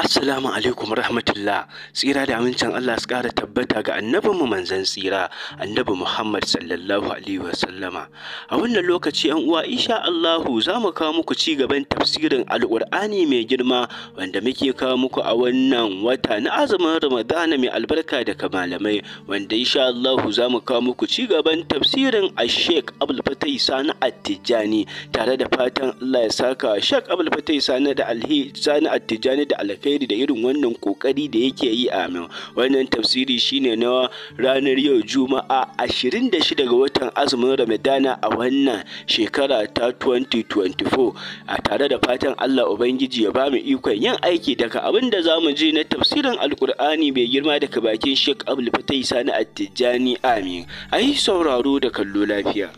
Assalamu alaikum rahmatullah tsira da amincin Allah su ƙara tabbata ga annabin mu manzon tsira annabi Muhammad sallallahu alaihi sallama a wannan lokaci yan uwa insha Allah za mu kawo muku ci gaban tafsirin alƙur'ani mai girma wanda muke kawo muku a wannan wata na azumin Ramadana mai albarka daga malamai wanda insha Allah za mu kawo muku ci gaban tafsirin Sheikh Abdul Fatai Sani Attijani tare da fatan Allah ya saka Sheikh Abdul Fatai Sani da Alhi Sani Attijani da Alkai alkhairi da irin wannan kokari da yake yi amin wannan tafsiri shine na ranar yau juma'a 26 ga watan azumin ramadana a wannan shekara ta 2024 a tare da fatan allah ubangiji ya ba mu ikon yin aiki daga abin da za mu je na tafsirin alkur'ani mai girma daga bakin sheik abulfatai sani attijani amin ai sauraro da kallo lafiya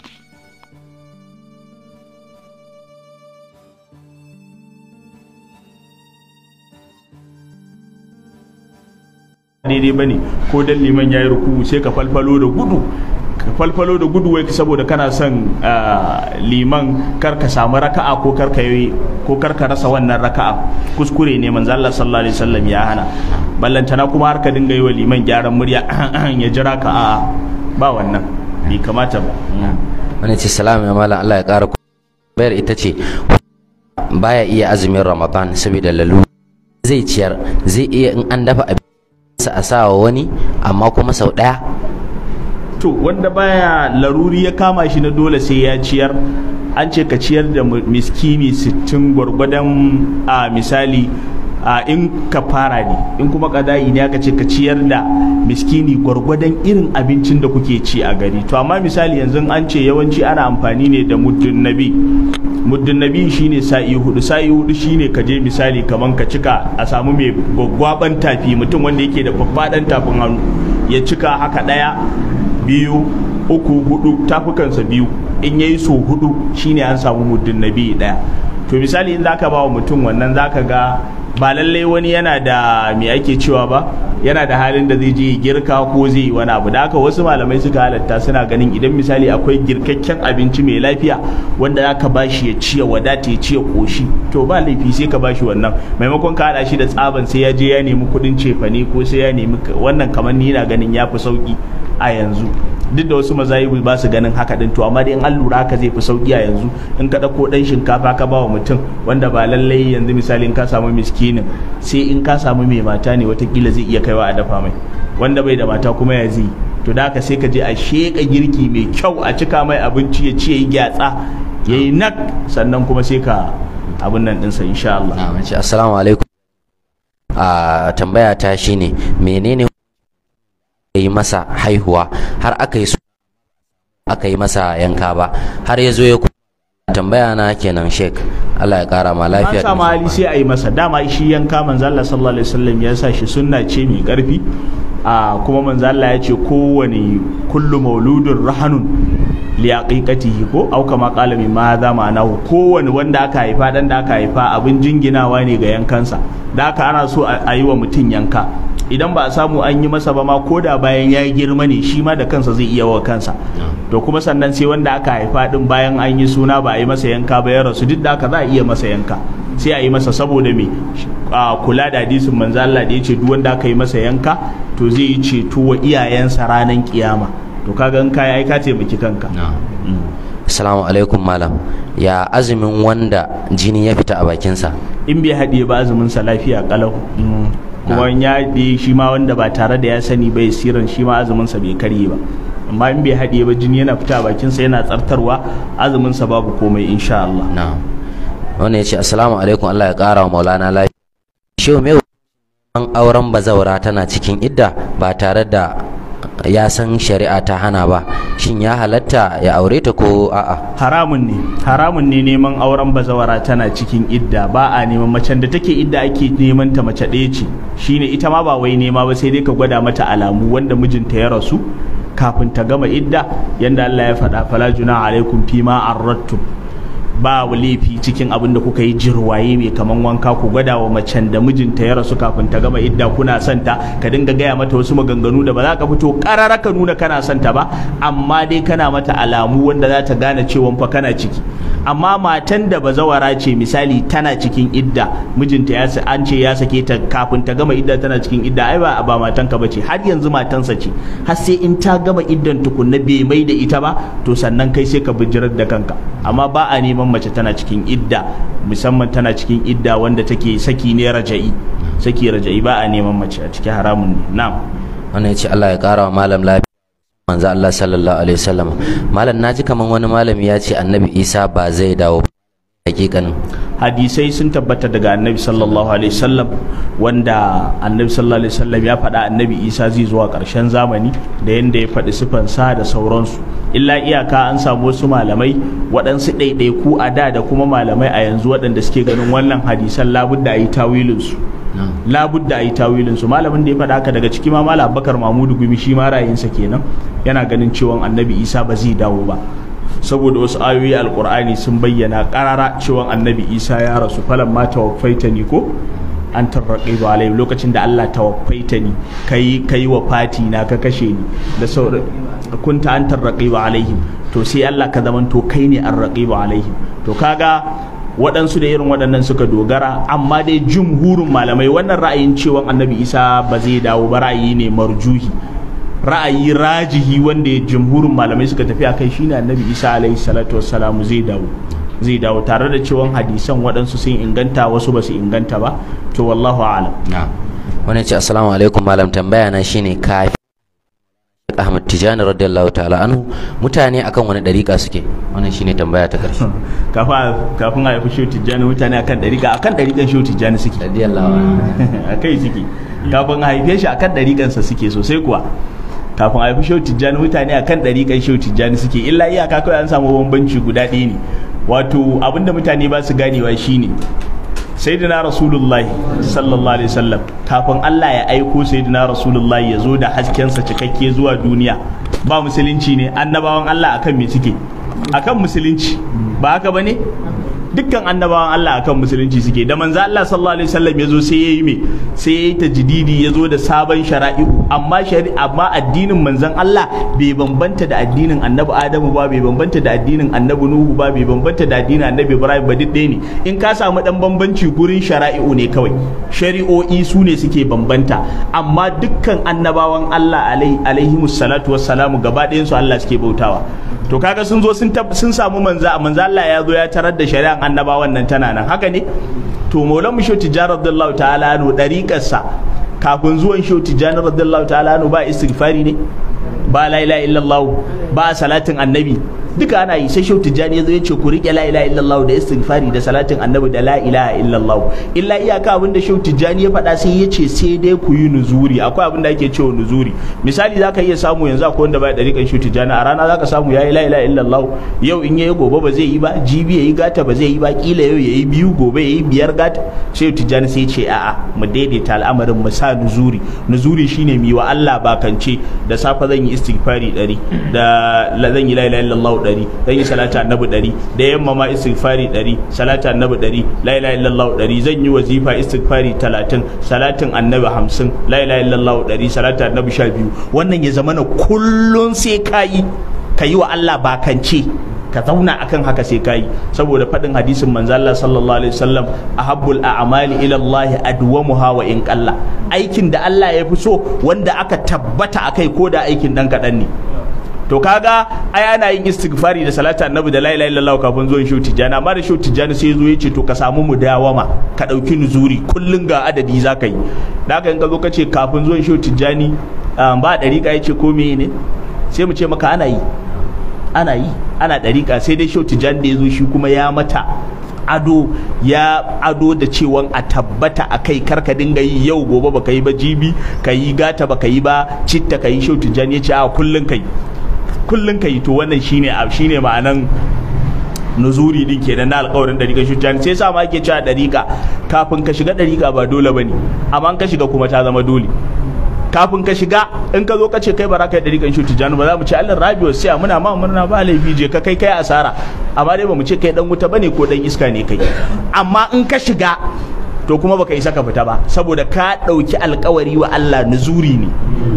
daidai bane ko dan liman yayi ruku sai ka falfalo da gudu ka falfalo da gudu wai saboda kana son ah, liman kar ka samu raka'a ko kar ka ko kar ka rasa wannan raka'a kuskure ne manzo Allah sallallahu alaihi wasallam ya hana ballantana kuma har ka dinga yi wa liman gyaran murya ya jira ka a'a ba wannan bai kamata ba wani ce salamu ya malam Allah ya kara bayar ita ce baya iya azumin Ramadan saboda lalu zai ciyar zai iya in an dafa a sawa wani amma kuma sau ɗaya to wanda baya laruri ya kama shi na dole sai ya ciyar an ce ka ciyar da miskini sittin gwargwadon a misali a ah, in ka fara ne in kuma kadayi ne aka ce ka ciyar da miskini gwargwadon irin abincin da kuke ci a gari to amma misali yanzu an ce yawanci ana amfani ne da muddin nabi muddin nabi shine sa'i hudu sa'i hudu shine ka je misali kamar ka cika a samu mai gwaggwaban tafi mutum wanda yake da babban tafin hannu ya cika haka daya biyu uku hudu tafukansa biyu in yayi so hudu shine an samu muddin nabi daya to misali in zaka ba wa mutum wannan zaka ga ba lallai wani yana da me ake cewa ba yana da halin da zai je girka ko zai yi wani abu da haka wasu malamai suka halatta suna ganin idan misali akwai girkakken abinci mai lafiya wanda aka bashi ya ci ya wadata ya ci ya koshi to ba laifi sai ka ba shi wannan maimakon ka hada shi da tsaban sai ya je ya nemi kudin cefane ko sai ya nemi wannan kamar ni na ganin ya fi sauki a yanzu duk da wasu mazayibu ba su ganin haka din to amma dai in an lura haka zai fi sauki a yanzu in ka ɗauko dan shinkafa ka ba wa mutum wanda ba lallai yanzu misali in ka samu miskinin sai in ka samu mai mata ne wata watakila zai iya kaiwa a dafa mai wanda bai da mata kuma ya zai to da haka sai ka je a sheƙa girki mai kyau a cika mai abinci ya ci ya yi gyatsa ya yi nak sannan kuma sai ka abin nan ɗinsa insha Allah. Assalamu alaikum. A ah, tambaya ta shine menene yi masa haihuwa har aka yi aka yi masa yanka ba har ya zo ya tambaya na kenan shek Allah ya kara ma lafiya an samu hali sai a yi masa dama shi yanka manzo Allah sallallahu alaihi wasallam ya sa shi sunna ce mai karfi a kuma manzo Allah ya ce kowane kullu mauludun rahanun li haqiqatihi ko au kama qala min ma za ma'anahu kowane wanda aka haifa dan da aka haifa abin jinginawa ne ga yankansa da aka ana so a yi wa mutum yanka idan ba a samu an yi masa ba ma ko da bayan ya girma ne shi ma da kansa zai iya wa kansa to kuma sannan sai wanda aka haifa din bayan an yi suna ba a yi masa yanka ba ya rasu duk da aka za a iya masa yanka sai a yi masa saboda me kula da hadisin manzo Allah da yace duk wanda aka yi masa yanka to zai yi ceto wa iyayensa ranan kiyama to kaga in kai ai ka taimaki kanka mm. assalamu alaikum malam ya azumin wanda jini ya fita a bakinsa in bai haɗe ba azumin sa lafiya kalau mm. kuma in ya haɗe shi ma wanda ba tare da ya sani bai siran shi ma azumin sa bai karye ba amma in bai haɗe ba jini yana fita bakin sa yana tsartarwa azuminsa babu komai insha Allah na'am wannan yace assalamu alaikum Allah ya kara wa maulana lafiya shehu me an auren bazawara tana cikin idda ba tare da ya san shari'a ta hana ba shin ya halatta ya aure ta ko a'a haramun ne haramun ne neman auren bazawara tana cikin idda ba a neman macen da take idda ake neman ta mace ɗaya ce shine ita ma ba wai nema ba sai dai ka gwada mata alamu wanda mijinta ya rasu kafin ta gama idda yanda Allah ya faɗa fala juna alaikum fima arrattum ba laifi cikin abin da kuka yi jirwaye mai kaman wanka ku gwada wa macen da mijinta ya rasu kafin ta gama idda kuna santa ka dinga gaya mata wasu maganganu da ba za ka fito karara ka nuna kana santa ba amma dai kana mata alamu wanda za ta gane cewa fa kana ciki amma matan da bazawara ce misali tana cikin idda mijinta ya an ce ya sake ta kafin ta gama idda tana cikin idda ai ba ba matanka bace har yanzu matansa ce har sai in ta gama iddan tukunna bai mai da ita ba to sannan kai sai ka bijirar da kanka amma ba a neman mace tana cikin idda musamman tana cikin idda wanda take saki ne raja'i saki raja'i ba a neman mace a cikin haramun ne na'am wannan ya ce Allah ya kara malam lafiya manzo Allah sallallahu alaihi wasallam malam naji kaman wani malami ya ce annabi Isa ba zai dawo hakikanin hadisai sun tabbata daga annabi sallallahu alaihi wasallam wanda annabi sallallahu alaihi wasallam ya faɗa annabi isa zai zuwa karshen zamani da yanda ya faɗi sa da sauransu illa iyaka an samu wasu malamai waɗansu ɗaiɗaiku a da da kuma malamai a yanzu waɗanda suke ganin wannan hadisan labudda a yi tawilinsu labudda a yi tawilinsu malamin da ya fada haka daga ciki ma malam abubakar mamudu gumi shi ma ra'ayinsa kenan yana ganin cewa annabi isa ba zai dawo ba saboda wasu ayoyi alkur'ani sun bayyana karara cewa annabi isa ya rasu falan ma tawaffaita ni ko an tarraƙe ba alai lokacin da Allah tawaffaita ni ka yi wa fati na ka kashe ni da sauran kunta an tarraƙe ba alaihim to sai Allah ka zamanto kai ne an raƙe ba alaihim to kaga waɗansu da irin waɗannan suka dogara amma dai jumhurin malamai wannan ra'ayin cewa annabi isa ba zai dawo ba ra'ayi ne marjuhi ra'ayi rajihi wanda ya jumhurin malamai suka tafi a shi shine annabi isa alaihi salatu wassalamu zai dawo zai dawo tare da cewa hadisan waɗansu sun inganta wasu ba su inganta ba to wallahu alam wani ce assalamu alaikum malam tambaya na shine kafi Ahmad Tijani radiyallahu ta'ala anhu mutane akan wani dariƙa suke wannan shine tambaya ta ƙarshe kafin a yi shehu Tijani mutane akan dariƙa akan dariƙan shehu Tijani suke radiyallahu anhu akai suke kafin a haife shi akan dariƙansa suke sosai kuwa kafin a haifi tijjani mutane akan kan shehu tijjani suke illa iyaka kawai an samu bambanci guda ɗaya ne wato abinda mutane ba su ganewa shine sayyidina rasulullahi sallallahu alaihi wasallam kafin Allah ya aiko sayyidina rasulullahi ya zo da haskensa cikakke zuwa duniya ba musulunci ne annabawan Allah akan me suke akan musulunci ba haka bane dukkan annabawan Allah akan musulunci suke da manzo Allah sallallahu alaihi wasallam yazo sai yayi me sai yayi tajdidi yazo da sabon shari'u amma shari'a amma addinin manzon Allah bai bambanta da addinin annabi Adamu ba bai bambanta da addinin annabi Nuhu ba bai bambanta da addinin annabi Ibrahim ba duk ne in ka samu dan bambanci gurin shari'u ne kawai shari'o'i su ne suke bambanta amma dukkan annabawan Allah alaihi salatu wassalamu gaba ɗayan su Allah suke bautawa to kaga sun zo sun samu manzo manzo Allah ya zo ya tarar da shari'a. annabawan nan tana nan haka ne to maulan mu shoti jar radiyallahu ta'ala anu dariƙarsa kafin zuwan shoti jar radiyallahu ta'ala anu ba istighfari ne ba la ilaha illallah ba salatin annabi duka ana yi sai shautin jani ya zo ya ce ku rike la ilaha illallah da istighfari da salatin annabi da la ilaha illallah illa iyaka abinda shautin jani ya faɗa sai ya ce sai dai ku yi nuzuri akwai abinda ake cewa nuzuri misali zaka iya samu yanzu akwai wanda bai dariƙan shautin jani a rana zaka samu ya la ilaha illallah yau in yayi gobe ba zai yi ba jibi yayi gata ba zai yi ba kila yau ya yi biyu gobe yayi biyar gata shautin jani sai ya ce a'a mu daidaita al'amarin mu sa nuzuri nuzuri shine mi wa Allah bakance da safa zan yi istighfari dari da zan yi la ilaha illallah ɗari zan yi salati annabi ɗari da yamma ma istighfari ɗari salati annabi ɗari la ilaha illallah ɗari zan yi wazifa istighfari talatin salatin annabi hamsin la ilaha illallah ɗari salati annabi sha biyu wannan ya zama na kullun sai ka yi ka yi wa Allah bakance ka zauna akan haka sai kai saboda faɗin hadisin manzo Allah sallallahu alaihi wasallam ahabbul a'mali ila Allah adwamuha wa in qalla aikin da Allah ya fi so wanda aka tabbata akai ko da aikin dan kadan ne to kaga ai ana yin istighfari da salatu annabi da la ilaha illallah kafin zuwan shehu tijjani amma da shehu tijjani sai zo yace ce to ka samu mu dawama ka dauki nuzuri kullun ga adadi zaka yi da haka in ka zo ka ce kafin zuwan shehu tijani um, ba dariƙa ya ce ko me ne sai mu ce maka ana yi ana yi ana dariƙa sai dai shehu tijani da ya zo shi kuma ya mata ado ya ado da cewan a tabbata a kai karka dinga yi yau gobe baka yi ba jibi ka yi gata baka yi ba citta ka yi shautin jan ya ce a kullum ka yi kullun ka yi to wannan shine shine ma'anan nuzuri din kenan na alƙawarin dariƙa shujjan sai sa ma ake cewa dariƙa kafin ka shiga dariƙa ba dole bane amma ka shiga kuma ta zama dole kafin ka shiga in ka zo ka ce kai ba za ka yi dariƙan shuti janu ba za mu ce Allah rabi wasu ya muna ma murna ba laifi je ka kai kai asara amma dai ba mu ce kai dan wuta bane ko dan iska ne kai amma in ka shiga to kuma baka isa ka fita ba saboda ka ɗauki alkawari wa Allah nuzuri ne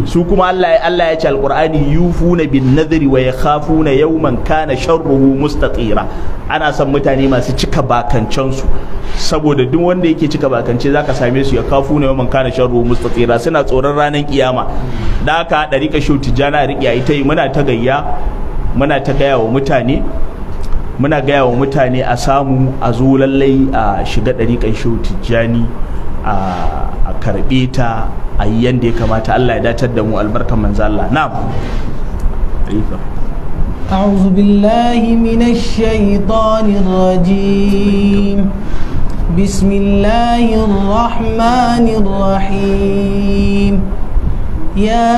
su kuma Allah Allah ya ce alqur'ani yufuna bin nadri wa yakhafuna yawman kana sharruhu mustatira ana son mutane masu cika bakancan su saboda duk wanda yake cika bakance zaka same su ya ne yawman kana sharruhu mustatira suna tsoron ranar kiyama da haka dariƙa shutijana riƙiya ita yi muna ta gayya muna ta gaya wa mutane muna gaya wa mutane a samu a zo lallai a shiga ɗariƙan shehu tijjani a karɓe ta a yi yadda ya kamata Allah ya datar da mu albarka manzala na. na'am أعوذ بالله من الشيطان الرجيم بسم الله الرحمن الرحيم يا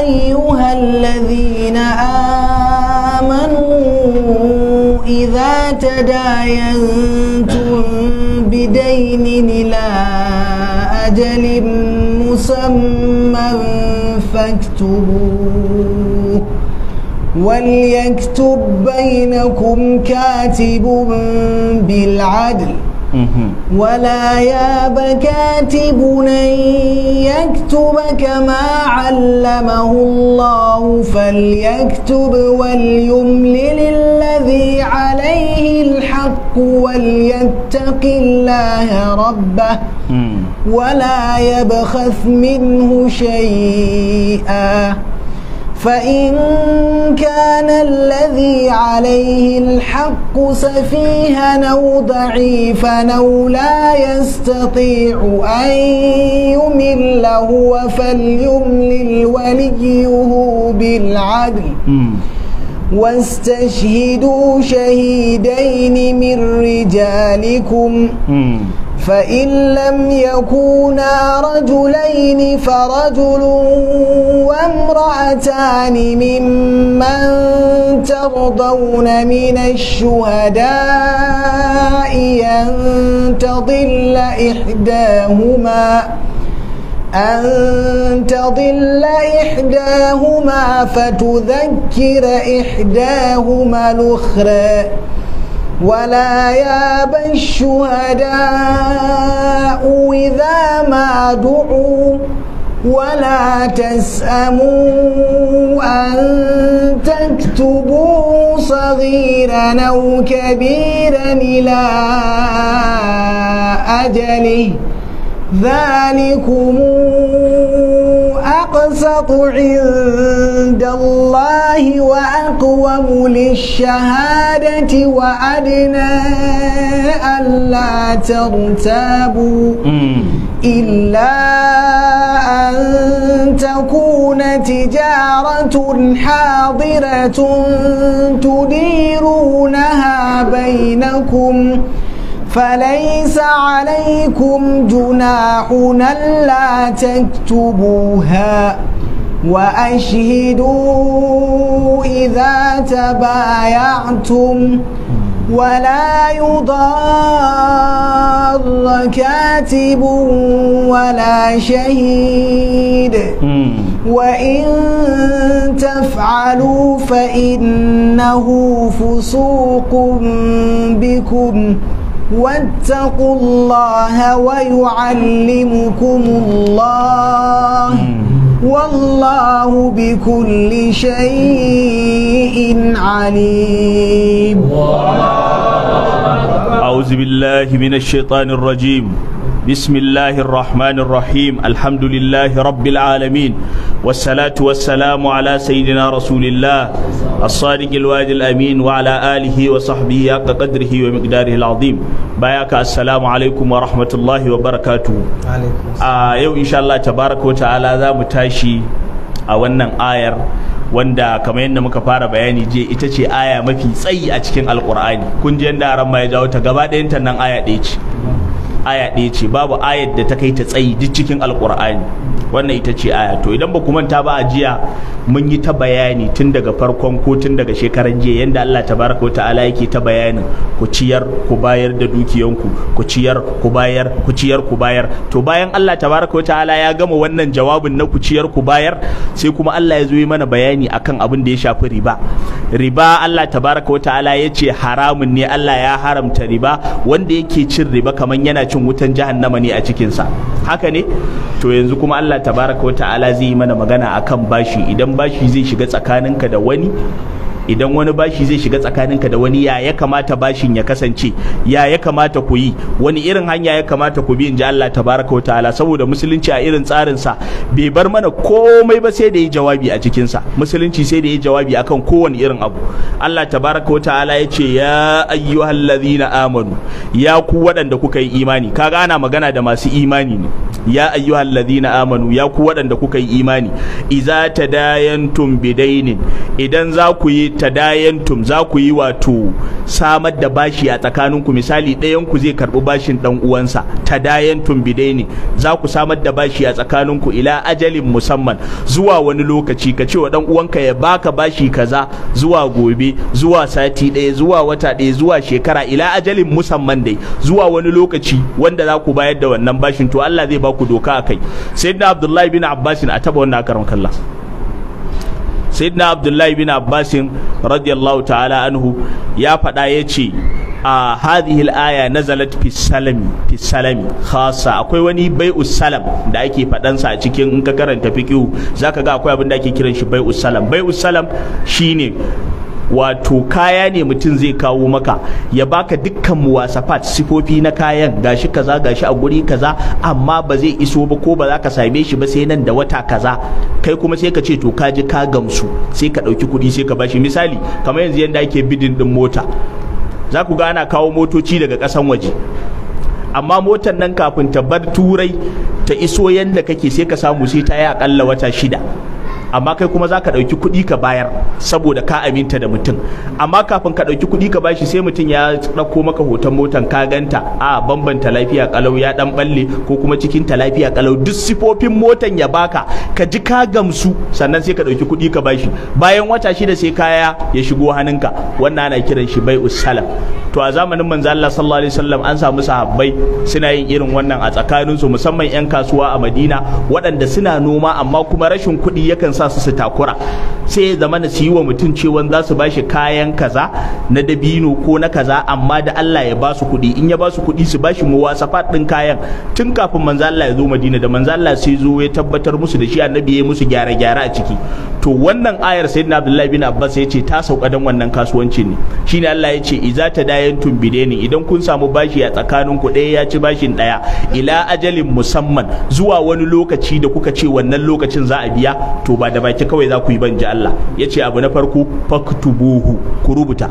أيها الذين آمنوا آمنوا إذا تداينتم بدين إلى أجل مسمى فاكتبوه وليكتب بينكم كاتب بالعدل ولا ياب كاتب أن يكتب كما علمه الله فليكتب وليملل الذي عليه الحق وليتق الله ربه ولا يبخث منه شيئا فإن كان الذي عليه الحق سفيها أو ضعيفا أو لا يستطيع أن يمل هو فليملل وليه بالعدل واستشهدوا شهيدين من رجالكم فإن لم يكونا رجلين فرجل وامرأتان ممن ترضون من الشهداء أن تضل إحداهما أن تضل إحداهما فتذكر إحداهما الأخرى ولا ياب الشهداء إذا ما دعوا ولا تسأموا أن تكتبوا صغيرا أو كبيرا إلى أجله ذلكم أقسط عند الله وأقوم للشهادة وأدنى ألا ترتابوا إلا أن تكون تجارة حاضرة تديرونها بينكم ۖ فليس عليكم جناح لا تكتبوها وأشهدوا إذا تبايعتم ولا يضار كاتب ولا شهيد وإن تفعلوا فإنه فسوق بكم واتقوا الله ويعلمكم الله والله بكل شيء عليم أعوذ بالله من الشيطان الرجيم بسم الله الرحمن الرحيم الحمد لله رب العالمين والصلاة والسلام على سيدنا رسول الله الصادق الواد الأمين وعلى آله وصحبه حق قدره ومقداره العظيم باياك السلام عليكم ورحمة الله وبركاته عليكم آه يو إن شاء الله تبارك وتعالى ذا متاشي أولا آير wanda kamar yadda muka fara bayani je ita ce aya mafi tsayi a cikin alkur'ani kun ji yadda aran ma ya jawo ta gaba ɗayan ta nan aya ɗaya ce aya ɗaya ce babu ayar da ta kai ta tsayi duk cikin alƙur'ani. wannan ita ce aya to idan ba ku manta ba a jiya mun yi ta bayani tun daga farkon ko tun daga shekaran jiya yadda Allah tabaraka ta'ala yake ta bayanin ku ciyar ku bayar da dukiyanku ku ciyar ku bayar ku ciyar ku bayar to bayan Allah tabaraka ta'ala ya gama wannan jawabin na ku ciyar ku bayar sai kuma Allah ya zo yi mana bayani akan abin da ya shafi riba riba Allah tabaraka ta'ala ya ce haramun ne Allah ya haramta riba wanda yake cin riba kamar yana cin wutan jahannama ne a cikinsa haka ne to yanzu kuma Allah tabaraka wa ta'ala zai yi mana magana akan bashi idan bashi zai shiga tsakaninka da wani idan wani bashi zai shiga tsakaninka da wani ya ya kamata bashin ya kasance ya ya kamata ku yi wani irin hanya ya kamata ku bi in ji Allah tabaraka ta'ala saboda musulunci a irin tsarin sa bai bar mana komai ba sai da yi jawabi a cikin sa musulunci sai da yi jawabi akan kowane irin abu Allah tabaraka ta'ala ya ce ya ayyuhallazina amanu ya ku waɗanda kuka yi imani kaga ana magana da masu imani ne ya ayyuhallazina amanu ya ku waɗanda kuka yi imani idza tadayantum bidainin idan za ku yi tadayantum za ku yi wato samar da bashi a tsakaninku misali ɗayan ku zai karɓi bashin ɗan uwansa tadayantum bidaini za ku samar da bashi a tsakaninku ila ajalin musamman zuwa wani lokaci ka ce wa ɗan uwanka ya baka bashi kaza zuwa gobe zuwa sati ɗaya zuwa wata ɗaya zuwa shekara ila ajalin musamman dai zuwa wani lokaci wanda za ku bayar da wannan bashin to Allah zai ba ku doka a kai sayyidina Abdullahi bin Abbasin a taba wannan karon kallon sayyidina abdullahi bin abbasin radiyallahu ta'ala anhu ya faɗa ya ce a hadhihi al-aya nazalat fi salami fi salami khassa akwai wani bai'usalam salam da ake faɗansa sa a cikin in ka karanta fiqhu zaka ga akwai abin da ake kiran shi bai'u salam bai'us salam shine wato kaya ne mutum zai kawo maka ya baka dukkan muwasafat sifofi na kayan gashi kaza gashi a guri kaza amma ba zai iso ba ko ba za ka same shi ba sai nan da wata kaza kai kuma sai ka ce to ka ji ka gamsu sai ka ɗauki kuɗi sai ka bashi misali kamar yanzu yadda ake bidin din mota za ku ga ana kawo motoci daga kasan waje amma motar nan kafin ta bar turai ta iso yadda kake sai ka samu sai ta yi akalla wata shida amma kai kuma za ka ɗauki kuɗi ka bayar saboda ka aminta da mutum amma kafin ka ɗauki kuɗi ka bashi sai mutum ya ɗauko maka hoton motan ka ganta a bambanta lafiya kalau ya ɗan balle ko kuma cikin ta lafiya kalau duk sifofin motan ya baka ka ji ka gamsu sannan sai ka ɗauki kuɗi ka bashi bayan wata shida sai kaya ya shigo hannunka wannan ana kiran shi bai usalam to a zamanin manzo Allah sallallahu alaihi wasallam an samu sahabbai suna yin irin wannan a tsakaninsu musamman 'yan kasuwa a Madina waɗanda suna noma amma kuma rashin kuɗi yakan sa sa su su takura sai ya zama na su yi wa mutum cewa za su ba shi kayan kaza na dabino ko na kaza amma da Allah ya ba su kuɗi in ya ba su kuɗi su ba shi mu wasafa ɗin kayan tun kafin manzo Allah ya zo Madina da manzo Allah sai zo ya tabbatar musu da shi annabi ya musu gyare gyara a ciki to wannan ayar sayyidina Abdullahi bin Abbas ya ce ta sauka dan wannan kasuwanci ne shine Allah ya ce iza ta tadayantum ni idan kun samu bashi a tsakanin ku ɗaya ya ci bashin ɗaya ila ajalin musamman zuwa wani lokaci da kuka ce wannan lokacin za a biya to ba da baki kawai za ku yi ban ji Allah ya ce abu na farko faktubuhu ku rubuta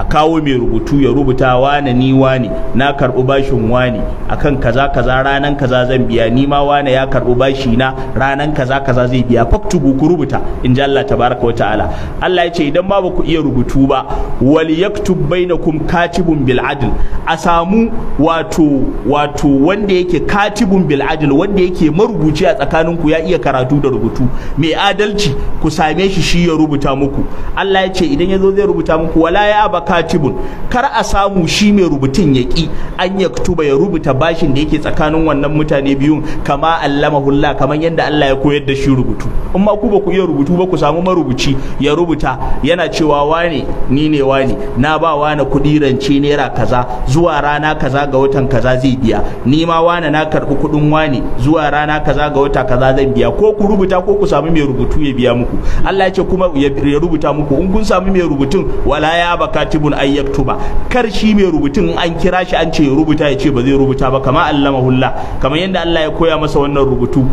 a kawo mai rubutu ya rubuta wane ni wane na karɓi bashin wane akan kaza kaza ranan kaza zan biya ni ma wane ya karɓi bashi na ranan kaza kaza zai biya faktubu ku rubuta in ji Allah tabaraka wa ta'ala Allah ya ce idan ma ba ku iya rubutu ba wal yaktub bainakum katibun bil adl a samu wato wato wanda yake katibun bil adl wanda yake marubuci a ku ya iya karatu da rubutu mai adalci ku same shi shi ya rubuta muku Allah ya ce idan ya zo zai rubuta muku wala ya abaka katibun kar a samu shi mai rubutun ya ki an ya kutuba ya rubuta bashin da yake tsakanin wannan mutane biyun kama allama hulla kamar yadda Allah ya koyar da shi rubutu in ma ku ba ku iya rubutu ba ku samu marubuci ya rubuta yana cewa wane ni ne wane na ba wane kuɗi rance naira kaza zuwa rana kaza ga watan kaza zai biya ni ma wane na karɓi kuɗin wane zuwa rana kaza ga wata kaza zan biya ko ku rubuta ko ku samu mai rubutu ya biya muku Allah ya ce kuma ya rubuta muku in kun samu mai rubutun wala ya bakati an ay ba kar shi mai rubutun an kira shi an ce ya rubuta ya ce ba zai rubuta ba kama allama hulla kamar yadda Allah ya koya masa wannan rubutu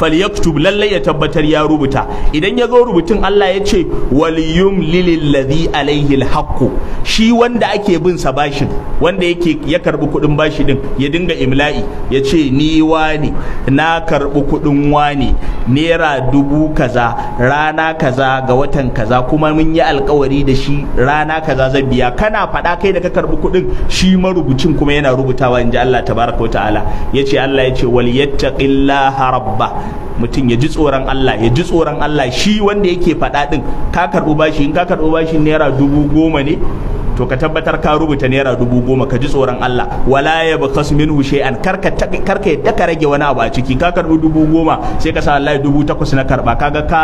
falyaktub lallai ya tabbatar ya rubuta idan ya zo rubutun Allah ya ce waliyum lilladhi alaihi alhaqu shi wanda ake bin sa bashin wanda yake ya karbi kudin bashi din ya dinga imla'i ya ce ni wani na karbi kudin wani naira dubu kaza rana kaza ga watan kaza kuma mun yi alkawari da shi rana kaza zan biya kana faɗa kai da ka karbi kudin shi marubucin kuma yana rubutawa inji Allah tabaraka wa ta'ala yace Allah yace wal yattaqillaha rabba mutum ya ji tsoron Allah ya ji tsoron Allah shi wanda yake faɗa ɗin ka karɓi bashi in ka karɓi bashi naira dubu goma ne to ka tabbatar ka rubuta naira dubu goma ka ji tsoron Allah wala ya bakas min shay'an karka karka yadda ka rage wani abu a ciki ka karɓi dubu goma sai ka sa Allah dubu takwas na karɓa kaga ka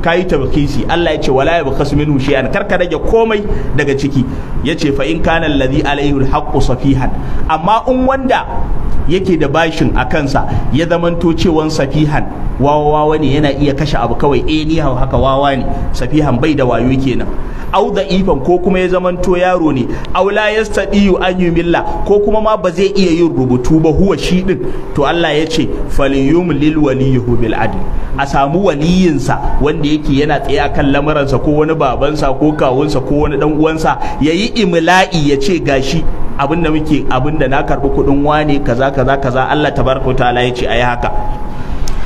ka yi tabkisi Allah ya ce wala ya min minhu an karka rage komai daga ciki ya ce fa in kana alladhi alaihi alhaqqu safihan amma in wanda yake da bashin a kansa ya zamanto cewan safihan wawa ne yana iya kashe abu kawai eh ni haka wawa ne safihan bai da wayo kenan au da ifan ko kuma ya zamanto yaro ne au la yastadiyu an yumilla ko kuma ma ba zai iya yin rubutu ba huwa shi din to Allah ya ce falyum lil waliyhu bil adl a samu waliyinsa wanda yake yana tsaye akan lamuransa ko wani babansa ko kawunsa ko wani dan uwansa yayi imla'i ya ce gashi abin da muke abin na karɓi kuɗin wane kaza kaza kaza Allah tabaraka bar ta'ala ya ce ayi haka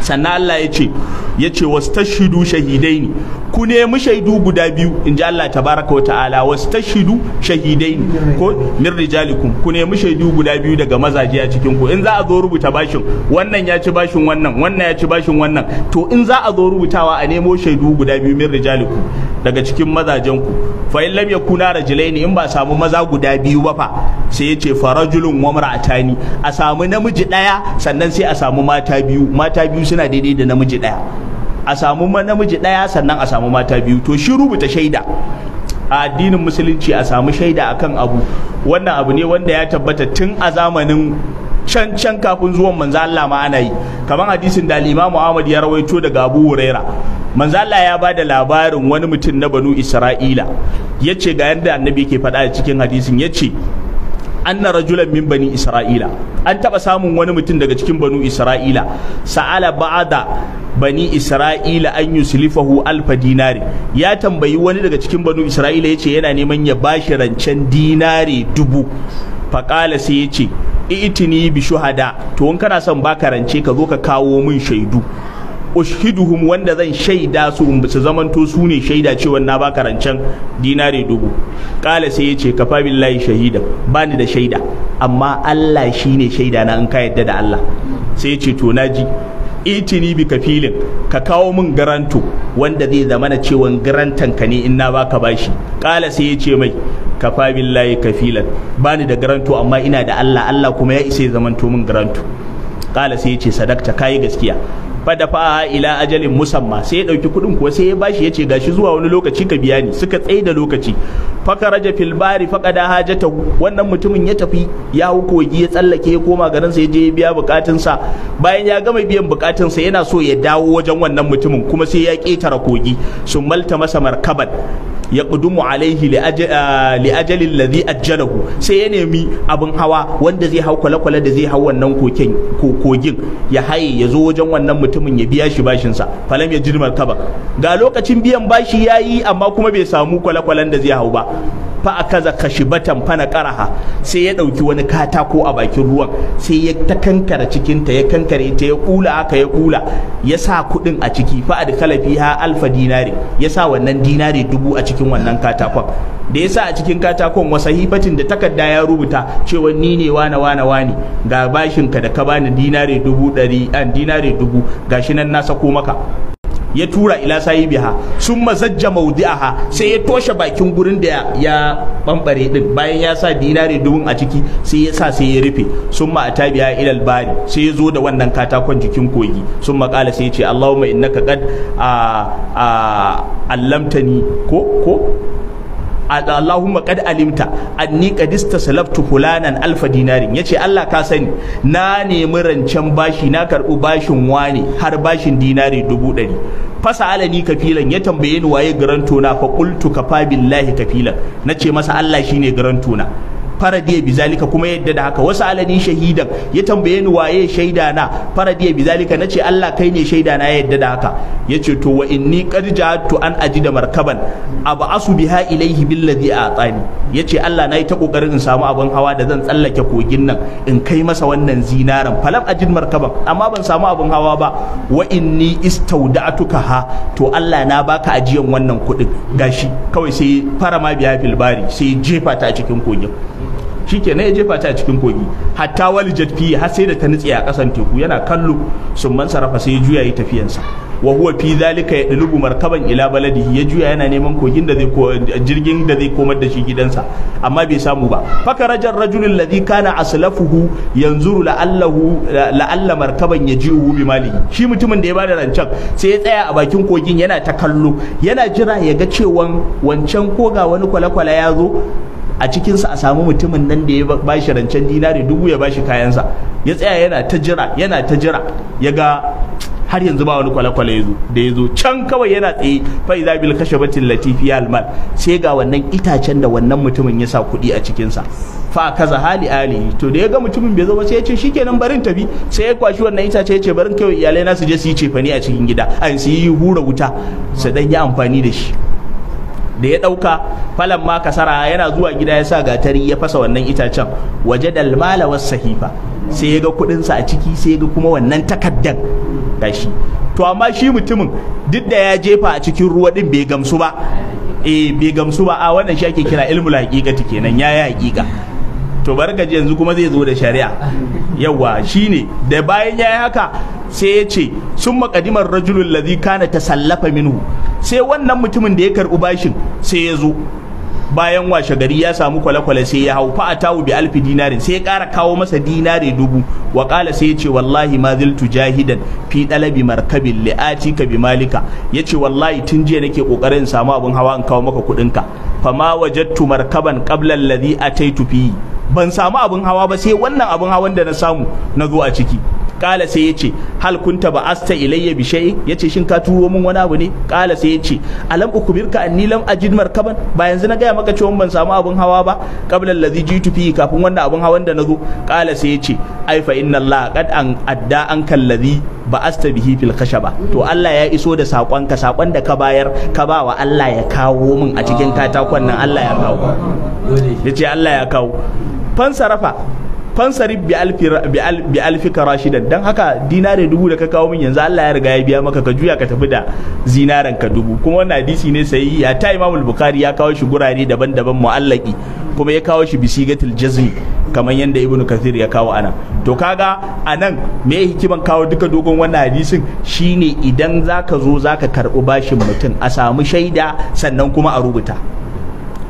sannan Allah ya ce ya ce wasu tashidu shahidai ne ku nemi shaidu guda biyu in ji Allah tabaraka wa ta'ala wasu ta shidu shahidai ko min rijalikum ku nemi shaidu guda biyu daga mazaje a cikin in za a zo rubuta bashin wannan ya ci bashin wannan wannan ya ci bashin wannan to in za a zo rubutawa a nemo shaidu guda biyu min rijalikum daga cikin mazajen ku fa in lam yakuna rajulaini in ba samu maza guda biyu ba fa sai ya ce farajulun wa mar'atani a samu namiji daya sannan sai a samu mata biyu mata biyu suna daidai da namiji daya a samu namiji ɗaya sannan a samu mata biyu to shi rubuta shaida a addinin musulunci a samu shaida akan abu wannan abu ne wanda ya tabbata tun a zamanin can can kafin zuwan manzo Allah ma ana yi kamar hadisin da al-Imam Ahmad ya rawaito daga Abu Huraira manzo Allah ya bada labarin wani mutum na Banu Isra'ila yace ga yadda annabi ke faɗa cikin hadisin yace anna rajulan min bani isra'ila an taba samun wani mutum daga cikin banu isra'ila sa'ala ba'ada bani isra'ila an yuslifahu alfa dinari ya tambayi wani daga cikin banu isra'ila yace yana neman ya bashi rancen dinari dubu faƙala sai yace itini bi shuhada to in kana son baka rance ka zo ka kawo min shaidu ushiduhum wanda zan shaida su in su zamanto su ne shaida cewa na baka rancen dinari dubu kala sai yace kafa billahi shahida bani da shaida amma Allah shine shaida na in ka yadda da Allah sai yace to naji itini bi kafilin ka kawo min garanto wanda zai zamana cewa garantan ka ne in na baka bashi kala sai yace mai kafa billahi kafilan bani da garanto amma ina da Allah Allah kuma ya isa ya zamanto min garanto kala sai yace sadakta kai gaskiya fadafa ila ajalin musamma sai ya ɗauki kuɗin kuwa sai ya bashi yace gashi zuwa wani lokaci ka biya ni suka tsaye da lokaci fakaraja fil bari faqada wannan mutumin ya tafi ya hau kogi ya tsallake ya koma garin sa ya je ya biya bukatunsa bayan ya gama biyan bukatunsa yana so ya dawo wajen wannan mutumin kuma sai ya ketara kogi sun malta masa markaban ya kudumu alaihi li ah, ajalin ladhi ajjalahu sai ya nemi abin hawa wanda zai hau kwale-kwale da zai hau wannan kogin ya haye ya zo wajen wannan mutumin mutumin ya biya shi bashinsa falam ya jirmar kaba ga lokacin biyan bashi yayi amma kuma bai samu kwale-kwalen da zai hau ba fa akaza kashibatan fana karaha sai ya ɗauki wani katako a bakin ruwan sai ya ta kankara cikin ta ya kankare ta ya kula aka ya kula ya sa kudin a ciki fa adkhala ha alfa dinari ya sa wannan dinari dubu a cikin wannan katakon da ya sa a cikin katakon wasahifatin da takarda ya rubuta cewa ni ne wane wane wani ga bashinka da ka bani dinari dubu ɗari an dinari dubu gashi nan na sako maka ya tura ila sahibiha sun mazajja maudi'aha sai ya toshe bakin gurin da ya bambare din bayan ya sa dinare dubun a ciki sai ya sa sai ya rufe sun ma a ila bari sai ya zo da wannan katakon jikin kogi sun makala sai ya ce Allahumma innaka qad a allamtani ko ko Allahumma kad alimta anni kadista istasalaftu fulanan alfa dinarin yace Allah ka sani na nemi rancen bashi na karbu bashin wani har bashin dinari dubu ɗari fasa alani kafilan ya tambaye ni waye garantona fa qultu kafa billahi kafilan nace masa Allah shine garantona faradiya zalika kuma yadda da haka wasu alani shahidan ya tambaye ni waye shaida na faradiya zalika nace Allah kai ne shaida na yadda da haka yace to wa inni qad ja'atu an ajida markaban asu biha ilaihi ladhi atani yace Allah nayi ta kokarin in samu abin hawa da zan tsallake kogin nan in kai masa wannan zinaran falam ajid markaban amma ban samu abin hawa ba wa inni istauda'tuka ha to Allah na baka ajiyan wannan kuɗin gashi kawai sai fara ma biya bari sai jefa ta a cikin kogin na ya jefa ta cikin kogi hatta wali fi har sai da ta nutse a kasan teku yana kallo sun man sarrafa sai ya juya yi tafiyansa wa huwa fi zalika ya dulubu markaban ila baladihi ya juya yana neman kogin da zai jirgin da zai komar da shi gidansa amma bai samu ba fakarajar rajulun ladhi kana aslafuhu yanzuru la'allahu la'alla markaban ji bi malihi shi mutumin da ya bada rancen sai ya tsaya a bakin kogin yana ta kallo yana jira ya ga cewan wancan ko ga wani kwale-kwale ya zo a cikinsa a samu mutumin nan da ya ba shi rancen dinari dubu ya ba shi kayansa ya tsaya yana ta jira yana ta jira ya ga har yanzu ba wani kwale-kwale da ya zo can kawai yana tsaye fai za bil kashe batin latifi almal sai ga wannan itacen da wannan mutumin ya sa kuɗi a cikinsa fa kaza hali ali to da ya ga mutumin bai zo ba sai ya ce shikenan barin tafi sai ya kwashi wannan itace ya ce barin kawai iyalai na su je su yi cefani a cikin gida an su yi hura wuta su dan yi amfani da shi da ya ɗauka falan ma kasara yana zuwa gida ya sa gatari ya fasa wannan itacen waje dalmala was sahifa sai ya ga kudin a ciki sai ya ga kuma wannan takaddan gashi to amma shi mutumin duk da ya jefa a cikin ruwa din bai gamsu ba eh bai gamsu ba a wannan shi ake kira ilmul haqiqati kenan ya ya haqiqa to barkaji yanzu kuma zai zo da shari'a yawa shine da bayan yayi haka sai ya ce sun maƙadimar rajulun lazi kana ta sallafa minhu sai wannan mutumin da ya karɓi bashin sai ya zo bayan washe gari ya samu kwale-kwale sai ya hau fa'a tawu bi alfi dinarin sai ya ƙara kawo masa dinari dubu wa sai ya ce wallahi ma ziltu jahidan fi ɗalabi markabin li'ati ka bi malika ya ce wallahi tun jiya nake ƙoƙarin samu abin hawa in kawo maka kuɗinka fama wajattu markaban ƙablan lazi ataitu fi ban samu abin hawa ba sai wannan abin hawan da na samu na zo a ciki kala sai ya ce hal kunta ba asta ilayya bi shay'in yace shin ka turo min wani abu ne kala sai ya ce alam ukbirka anni lam ajid markaban ba yanzu na gaya maka cewa ban samu abun hawa ba qabla allazi jitu fi kafin wannan abun hawan da nazo kala sai ya ce ai fa inna allaha qad an adda an kallazi ba asta bihi fil khashaba to Allah ya iso da sakon ka sakon da ka bayar ka ba wa Allah ya kawo min a cikin katakon nan Allah ya kawo yace Allah ya kawo fansarafa fansarif bi alfi karashidan don haka dinare dubu da ka kawo min yanzu Allah ya riga ya biya maka ka juya ka tafi da zinaren ka dubu kuma wannan hadisi ne sai ya ta imamu bukari ya kawo shi gurare daban-daban mu'allaki kuma ya kawo shi gatil jazmi kamar yadda ibnu kathir ya kawo anan to kaga nan me hikiman kawo duka dogon wannan hadisin shine idan zaka zo zaka karɓi bashin mutum a samu shaida sannan kuma a rubuta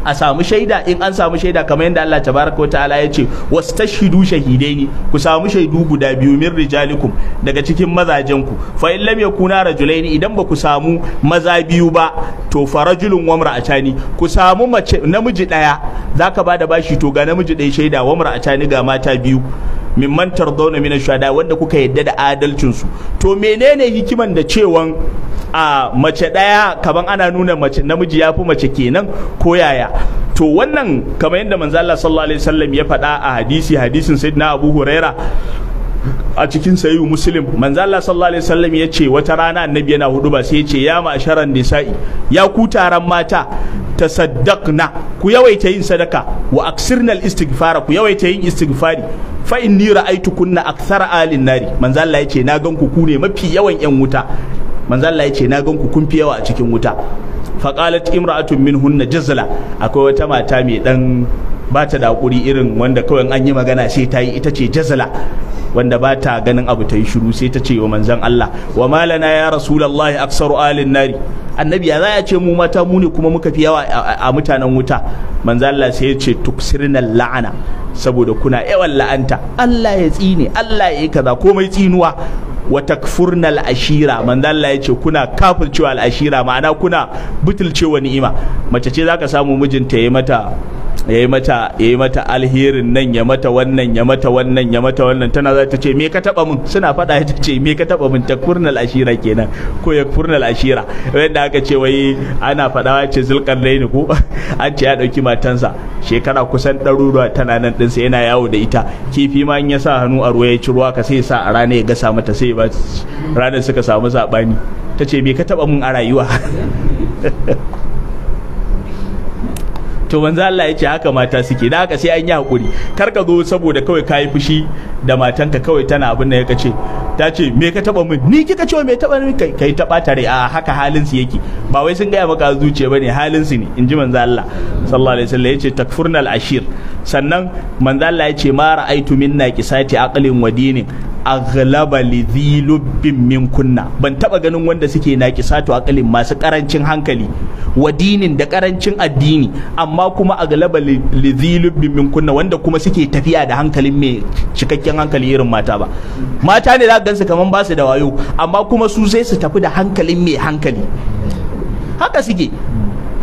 a samu shaida in an samu shaida kamar yadda Allah tabaraka wa ta'ala ya ce wastashhidu shahidaini ku samu shaidu guda biyu min rijalikum daga cikin mazajen ku fa in lam yakuna rajulaini idan ba ku samu maza biyu ba to farajulun wa mar'atani ku samu mace namiji daya zaka bada bashi to ga namiji dai shaida wa mar'atani ga mata biyu mimman tardauna min shada wanda kuka yadda da adalcin su to menene hikiman da cewan a mace ɗaya kaban ana nuna mace namiji ya fi mace kenan ko yaya to wannan kamar yadda manzo Allah sallallahu alaihi wasallam ya faɗa a hadisi hadisin sayyidina Abu Huraira a cikin sayu muslim manzo Allah sallallahu alaihi wasallam ya ce wata rana annabi yana hudu ba sai ya ce ya ma'asharan nisa'i ya ku taron mata tasaddaqna ku yawaita yin sadaka wa al istighfara ku yawaita yin istighfari fa inni ra'aytukunna akthara alin nari manzo Allah ya ce na gan ku ku ne mafi yawan yan wuta manzo Allah ya ce na ganku kun fi yawa a cikin wuta imratun imra'atun hunna jazla akwai wata mata mai dan bata da hakuri irin wanda kawai an yi magana sai ta yi ita ce jazla wanda ba ta ganin abu ta yi shiru sai ta ce wa manzon Allah wa malana ya rasulullahi aksaru alin nari annabi ya za ya ce mu mata mu ne kuma muka fi yawa a mutanen wuta manzon Allah sai ya ce tuksirna la'ana saboda kuna yawan la'anta Allah ya tsine Allah ya yi kaza komai tsinuwa wa takfurna al-ashira manzo Allah yace kuna kafircewa al ma'ana kuna butulcewa ni'ima mace ce zaka samu mijinta yi mata ya yi mata ya yi mata alherin nan ya mata wannan ya mata wannan ya mata wannan tana za ta ce me ka taba mun suna faɗa ta ce me ka taba mun ta kurnal ashira kenan ko ya kurnal ashira wanda aka ce wai ana faɗa ce zulkarnaini ko an ce ya ɗauki matansa shekara kusan ɗaruruwa tana nan din sa yana yawo da ita kifi ma in ya sa hannu a ruwa ya ci ruwa ka sai sa a rana ya gasa mata sai ba ranar suka samu zabani ta ce me ka taba mun a rayuwa to manzo Allah ya ce haka mata suke da haka sai an yi hakuri kar ka zo saboda kawai kayi fushi da matanka kawai tana abin da ya ce ta ce me ka taba min ni kika ce me taba min kai taba tare a haka halin su yake ba wai sun gaya maka zuciya bane halin su ne inji manzo Allah sallallahu alaihi wasallam yace takfurnal ashir sannan manzo Allah ya ce ma ra'aitu minna qisati aqlin wa dinin aghlaba lidhi min kunna ban taba ganin wanda suke naqisatu aqalin masu karancin hankali wa dinin da karancin addini amma kuma aghlaba lidhi min kunna wanda kuma suke tafiya da hankalin mai cikakken hankali irin mata ba mata ne za gansu kaman ba su da wayo amma kuma su sai su tafi da hankalin mai hankali haka suke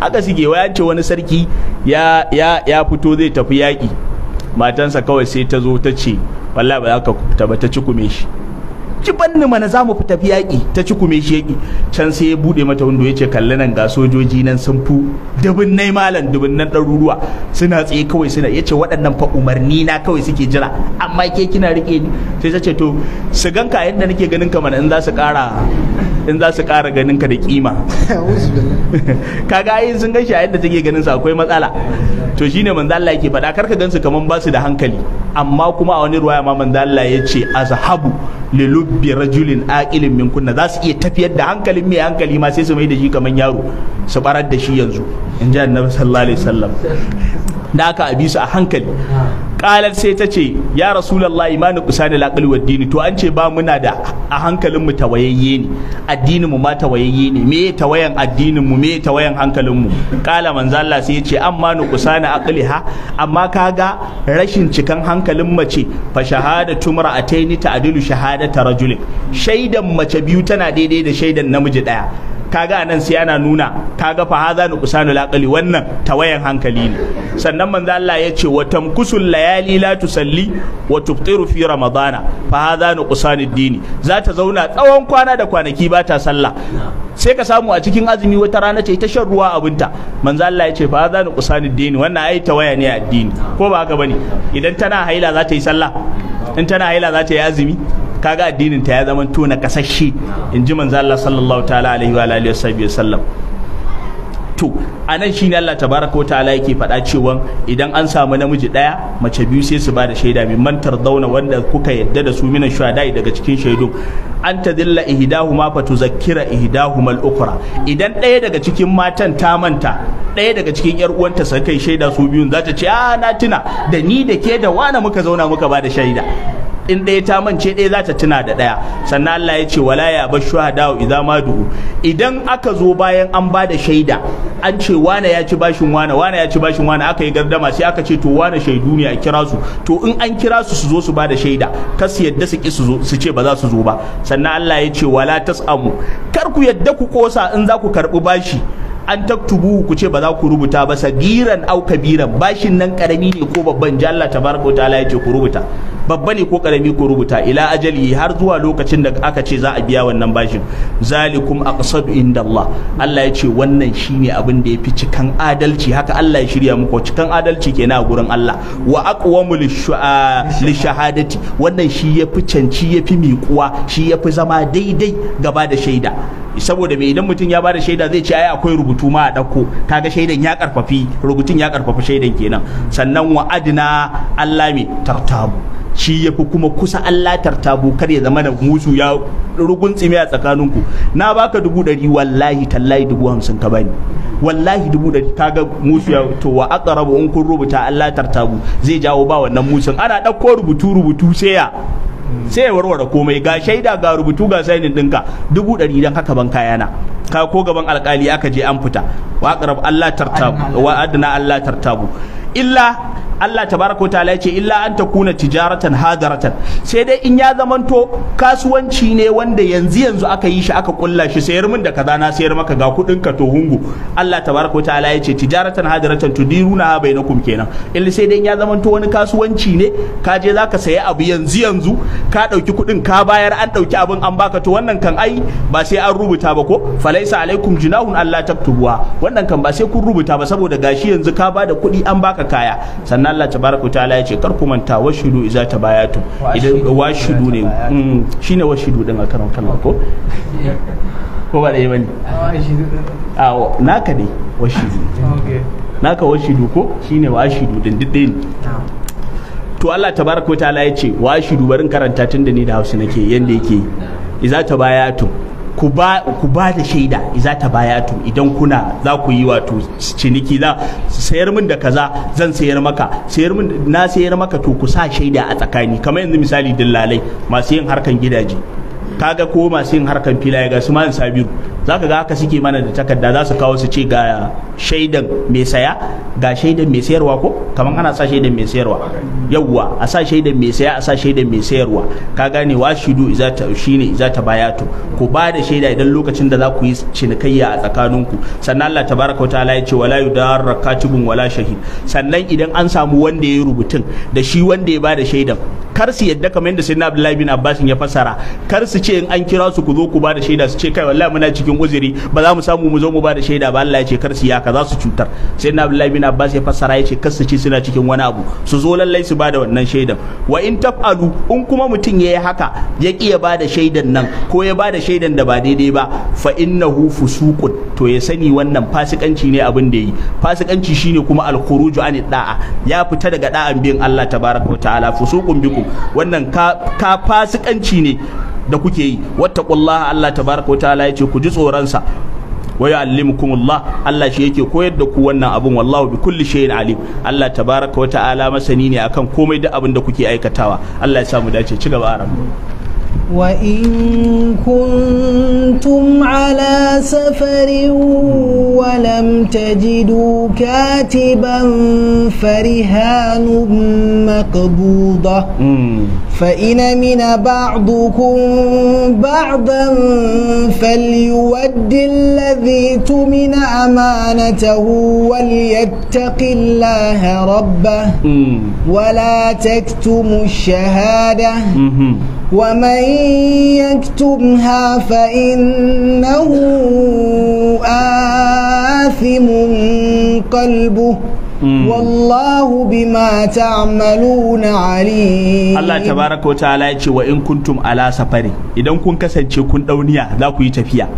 haka suke wayance wani sarki ya ya ya fito zai tafi yaƙi matansa kawai sai ta zo ta ce wallahi ba za ka ba ta ci kume shi ki banni mana za mu tafi yaƙi ta ci kume shi yaƙi can sai ya buɗe mata wando ya ce kalli nan ga sojoji nan sun fu dubin nai malam dubin nan ɗaruruwa suna tsaye kawai suna ya ce waɗannan fa umarni na kawai suke jira amma ke kina riƙe ni sai ta ce to su ganka yadda nake ganin ka mana in za su ƙara in za su ƙara ganin ka da kima kaga ai sun ganshi a yadda take ganin sa akwai matsala to shine manzo Allah yake faɗa karka gansu kaman ba su da hankali amma kuma a wani ruwaya ma manzo Allah ya ce azhabu lilubi bi rajulin aqilin min kunna za su iya tafiyar da hankalin mai hankali ma sai su mai da shi kamar yaro su barar da shi yanzu in ji annabi sallallahu alaihi wasallam da aka abi su a hankali kalar sai ta ce ya rasulallah imanu kusani laƙal waddini to an ce ba muna da a hankalin mu tawayayye ne addinin mu ma tawayayye ne me tawayan addinin mu me tawayan hankalin mu kala manzo Allah sai ya ce amma nu kusani ha amma kaga rashin cikan hankalin mace fa shahadatu mar'ataini ta'dilu shahadata rajulin shaidan mace biyu tana daidai da shaidan namiji daya kaga anan sai ana nuna kaga fa hadha nuqsanu laqali wannan tawayan hankali ne sannan manzo Allah ya ce wa kusul layali la tusalli wa tuftiru fi ramadana fa hadha nuqsanu dini za zauna tsawon kwana da kwanaki ba ta sallah sai ka samu a cikin azumi wata rana ce ta shan ruwa abinta manzo Allah ya ce fa za ni dini wannan ai tawaya ne addini ko ba haka bane idan tana haila za ta yi sallah in tana haila za ta yi azumi kaga addinin ta ya zama tona kasashe in ji manzo Allah sallallahu ta'ala alaihi wa alihi wasallam to anan shine Allah tabaraka ta'ala yake faɗa cewa idan an samu namiji ɗaya mace biyu sai su bada shaida min mantar dauna wanda kuka yadda da su minan shuhada'i daga cikin shaidu an tadilla ihdahuma fa tuzakkira ihdahuma al ukra idan ɗaya daga cikin matan ta manta ɗaya daga cikin yar uwanta sai kai shaida su biyun zata ce a ah, na tuna da ni da ke da wani muka zauna muka bada shaida in ɗaya ta mance ɗaya za ta tuna da ɗaya sannan Allah ya ce wala ya bar shuhada idza ma duhu idan aka zo bayan an ba da shaida an ce wane ya ci bashin wane wane ya ci bashin wane aka yi gardama sai aka ce to wane shaidu ne a kira su to in an kira su su zo su ba da shaida kas yadda su ki su zo su ce ba za su zo ba sannan Allah ya ce wala tasamu kar ku yadda ku kosa in za ku karɓi bashi an taktubu ku ce ba za ku rubuta ba sagiran au kabiran bashin nan karami ne ko babban jalla tabaraka ta'ala ya ce ku rubuta babba ne ko karami ko rubuta ila ajali har zuwa lokacin da aka ce za a biya wannan bashin zalikum aqsadu inda Allah Allah ya ce wannan shine abin da yafi cikan adalci haka Allah ya shirya muku cikan adalci kenan a gurin Allah wa aqwamu lishahadati wannan shi yafi canci yafi miƙuwa shi yafi zama daidai gaba da shaida saboda mai idan mutum ya bada shaida zai ce ai akwai rubutu ma a dauko kaga shaidan ya karfafi rubutun ya karfafi shaidan kenan sannan wa adna allami tartabu shi ya fi kuma kusa Allah tabu kar ya zama da musu ya rugun tsimi a tsakaninku na baka dubu ɗari wallahi tallahi dubu hamsin ka bani wallahi dubu ɗari ga musu ya to wa aqrabu in kun rubuta Allah tabu. zai jawo ba wannan musun ana ɗauko rubutu rubutu sai ya sai ya warware komai ga shaida ga rubutu ga sainin ɗinka dubu ɗari dan haka ban kaya na. ka ko gaban alkali aka je an fita wa aqrab Allah tartabu wa adna Allah tartabu illa Allah tabaraka ta'ala ta illa an takuna tijaratan hadaratan sai dai in ya zamanto kasuwanci ne wanda yanzu yanzu aka yi shi aka kulla shi sayar min da kaza na sayar maka ga kudin ka to hungu Allah tabaraka ta'ala ya tijaratan hadaratan tudiruna bainakum kenan illa sai dai in ya zamanto wani kasuwanci ne ka je zaka saya abu yanzu yanzu ka dauki kudin ka bayar an dauki abin an baka to wannan kan ai ba sai an rubuta ba ko falaisa alaikum junahun Allah taktubuwa wannan kan ba sai kun rubuta ba saboda gashi yanzu ka bada kudi an baka kaya sannan Allah tabaraka ta'ala ya ce kar ku manta washidu iza tabayatu idan washidu ne mm, shine washidu din a karon kalma ko ko ba dai bane awo ah, ah, naka ne washidu naka washidu ko shine washidu din duk ɗaya to Allah tabaraka ta'ala ya ce washidu barin karanta tun da ni da Hausa nake yanda yake iza tabayatu ku ba da shaida iza ta bayatu idan kuna za ku yi wato ciniki za sayar min da kaza zan sayar maka sayar min na sayar maka to ku sa shaida a tsakani kamar yanzu misali dillalai masu yin harkan gidaje kaga ko masu yin harkan filaye ga su ma sabiru za ka ga haka suke mana da takarda za su kawo su ce ga shaidan mai saya ga shaidan mai sayarwa ko kamar ana sa shaidan mai sayarwa yawwa a sa shaidan mai saya a sa shaidan mai sayarwa ka gane wa shudu iza ta shine iza ta bayatu ku ba da shaida idan lokacin da za ku yi cinikayya a tsakaninku sannan Allah tabaraka wa ta'ala ya ce wala yudarra katibun wala shahid sannan idan an samu wanda ya yi rubutun da shi wanda ya ba da shaidan kar su yadda kamar yadda sai na Abdullahi bin Abbas ya fasara kar su ce in an kira su ku zo ku ba da shaida su ce kai wallahi muna cikin domin uzuri ba za mu samu mu zo mu ba da shaida ba Allah ya ce kar su yaka za su cutar sai na Abdullahi bin Abbas ya fassara ya ce kar su ci suna cikin wani abu su zo lallai su ba da wannan shaidan wa in taf'alu in kuma mutum yayi haka ya ki ya ba da shaidan nan ko ya ba da shaidan da ba daidai ba fa innahu fusuqun to ya sani wannan fasikanci ne abin da yi fasikanci shine kuma al-khuruju an da'a ya fita daga da'an bin Allah tabaraka wa ta'ala fusuqun bikum wannan ka fasikanci ne da kuke yi wattaqullaha Allah tabaraka wata'ala ya ce ku ji tsoron sa wa ya'allimukumullah Allah shi yake koyar da ku wannan abin wallahu bi kulli shay'in alim Allah tabaraka wata'ala masani ne akan komai da abin da kuke aikatawa Allah ya samu dace ci gaba a وإن كنتم على سفر ولم تجدوا كاتبا فرهان مقبوضة فإن من بعضكم بعضا فليود الذي تمن أمانته وليتق الله ربه ولا تكتموا الشهادة ومن يكتمها فإنه آثم قلبه wallahu bima ta'maluna alim Allah tabaraka wa ta'ala yace wa in kuntum ala safari idan kun kasance kun dauniya za ku yi tafiya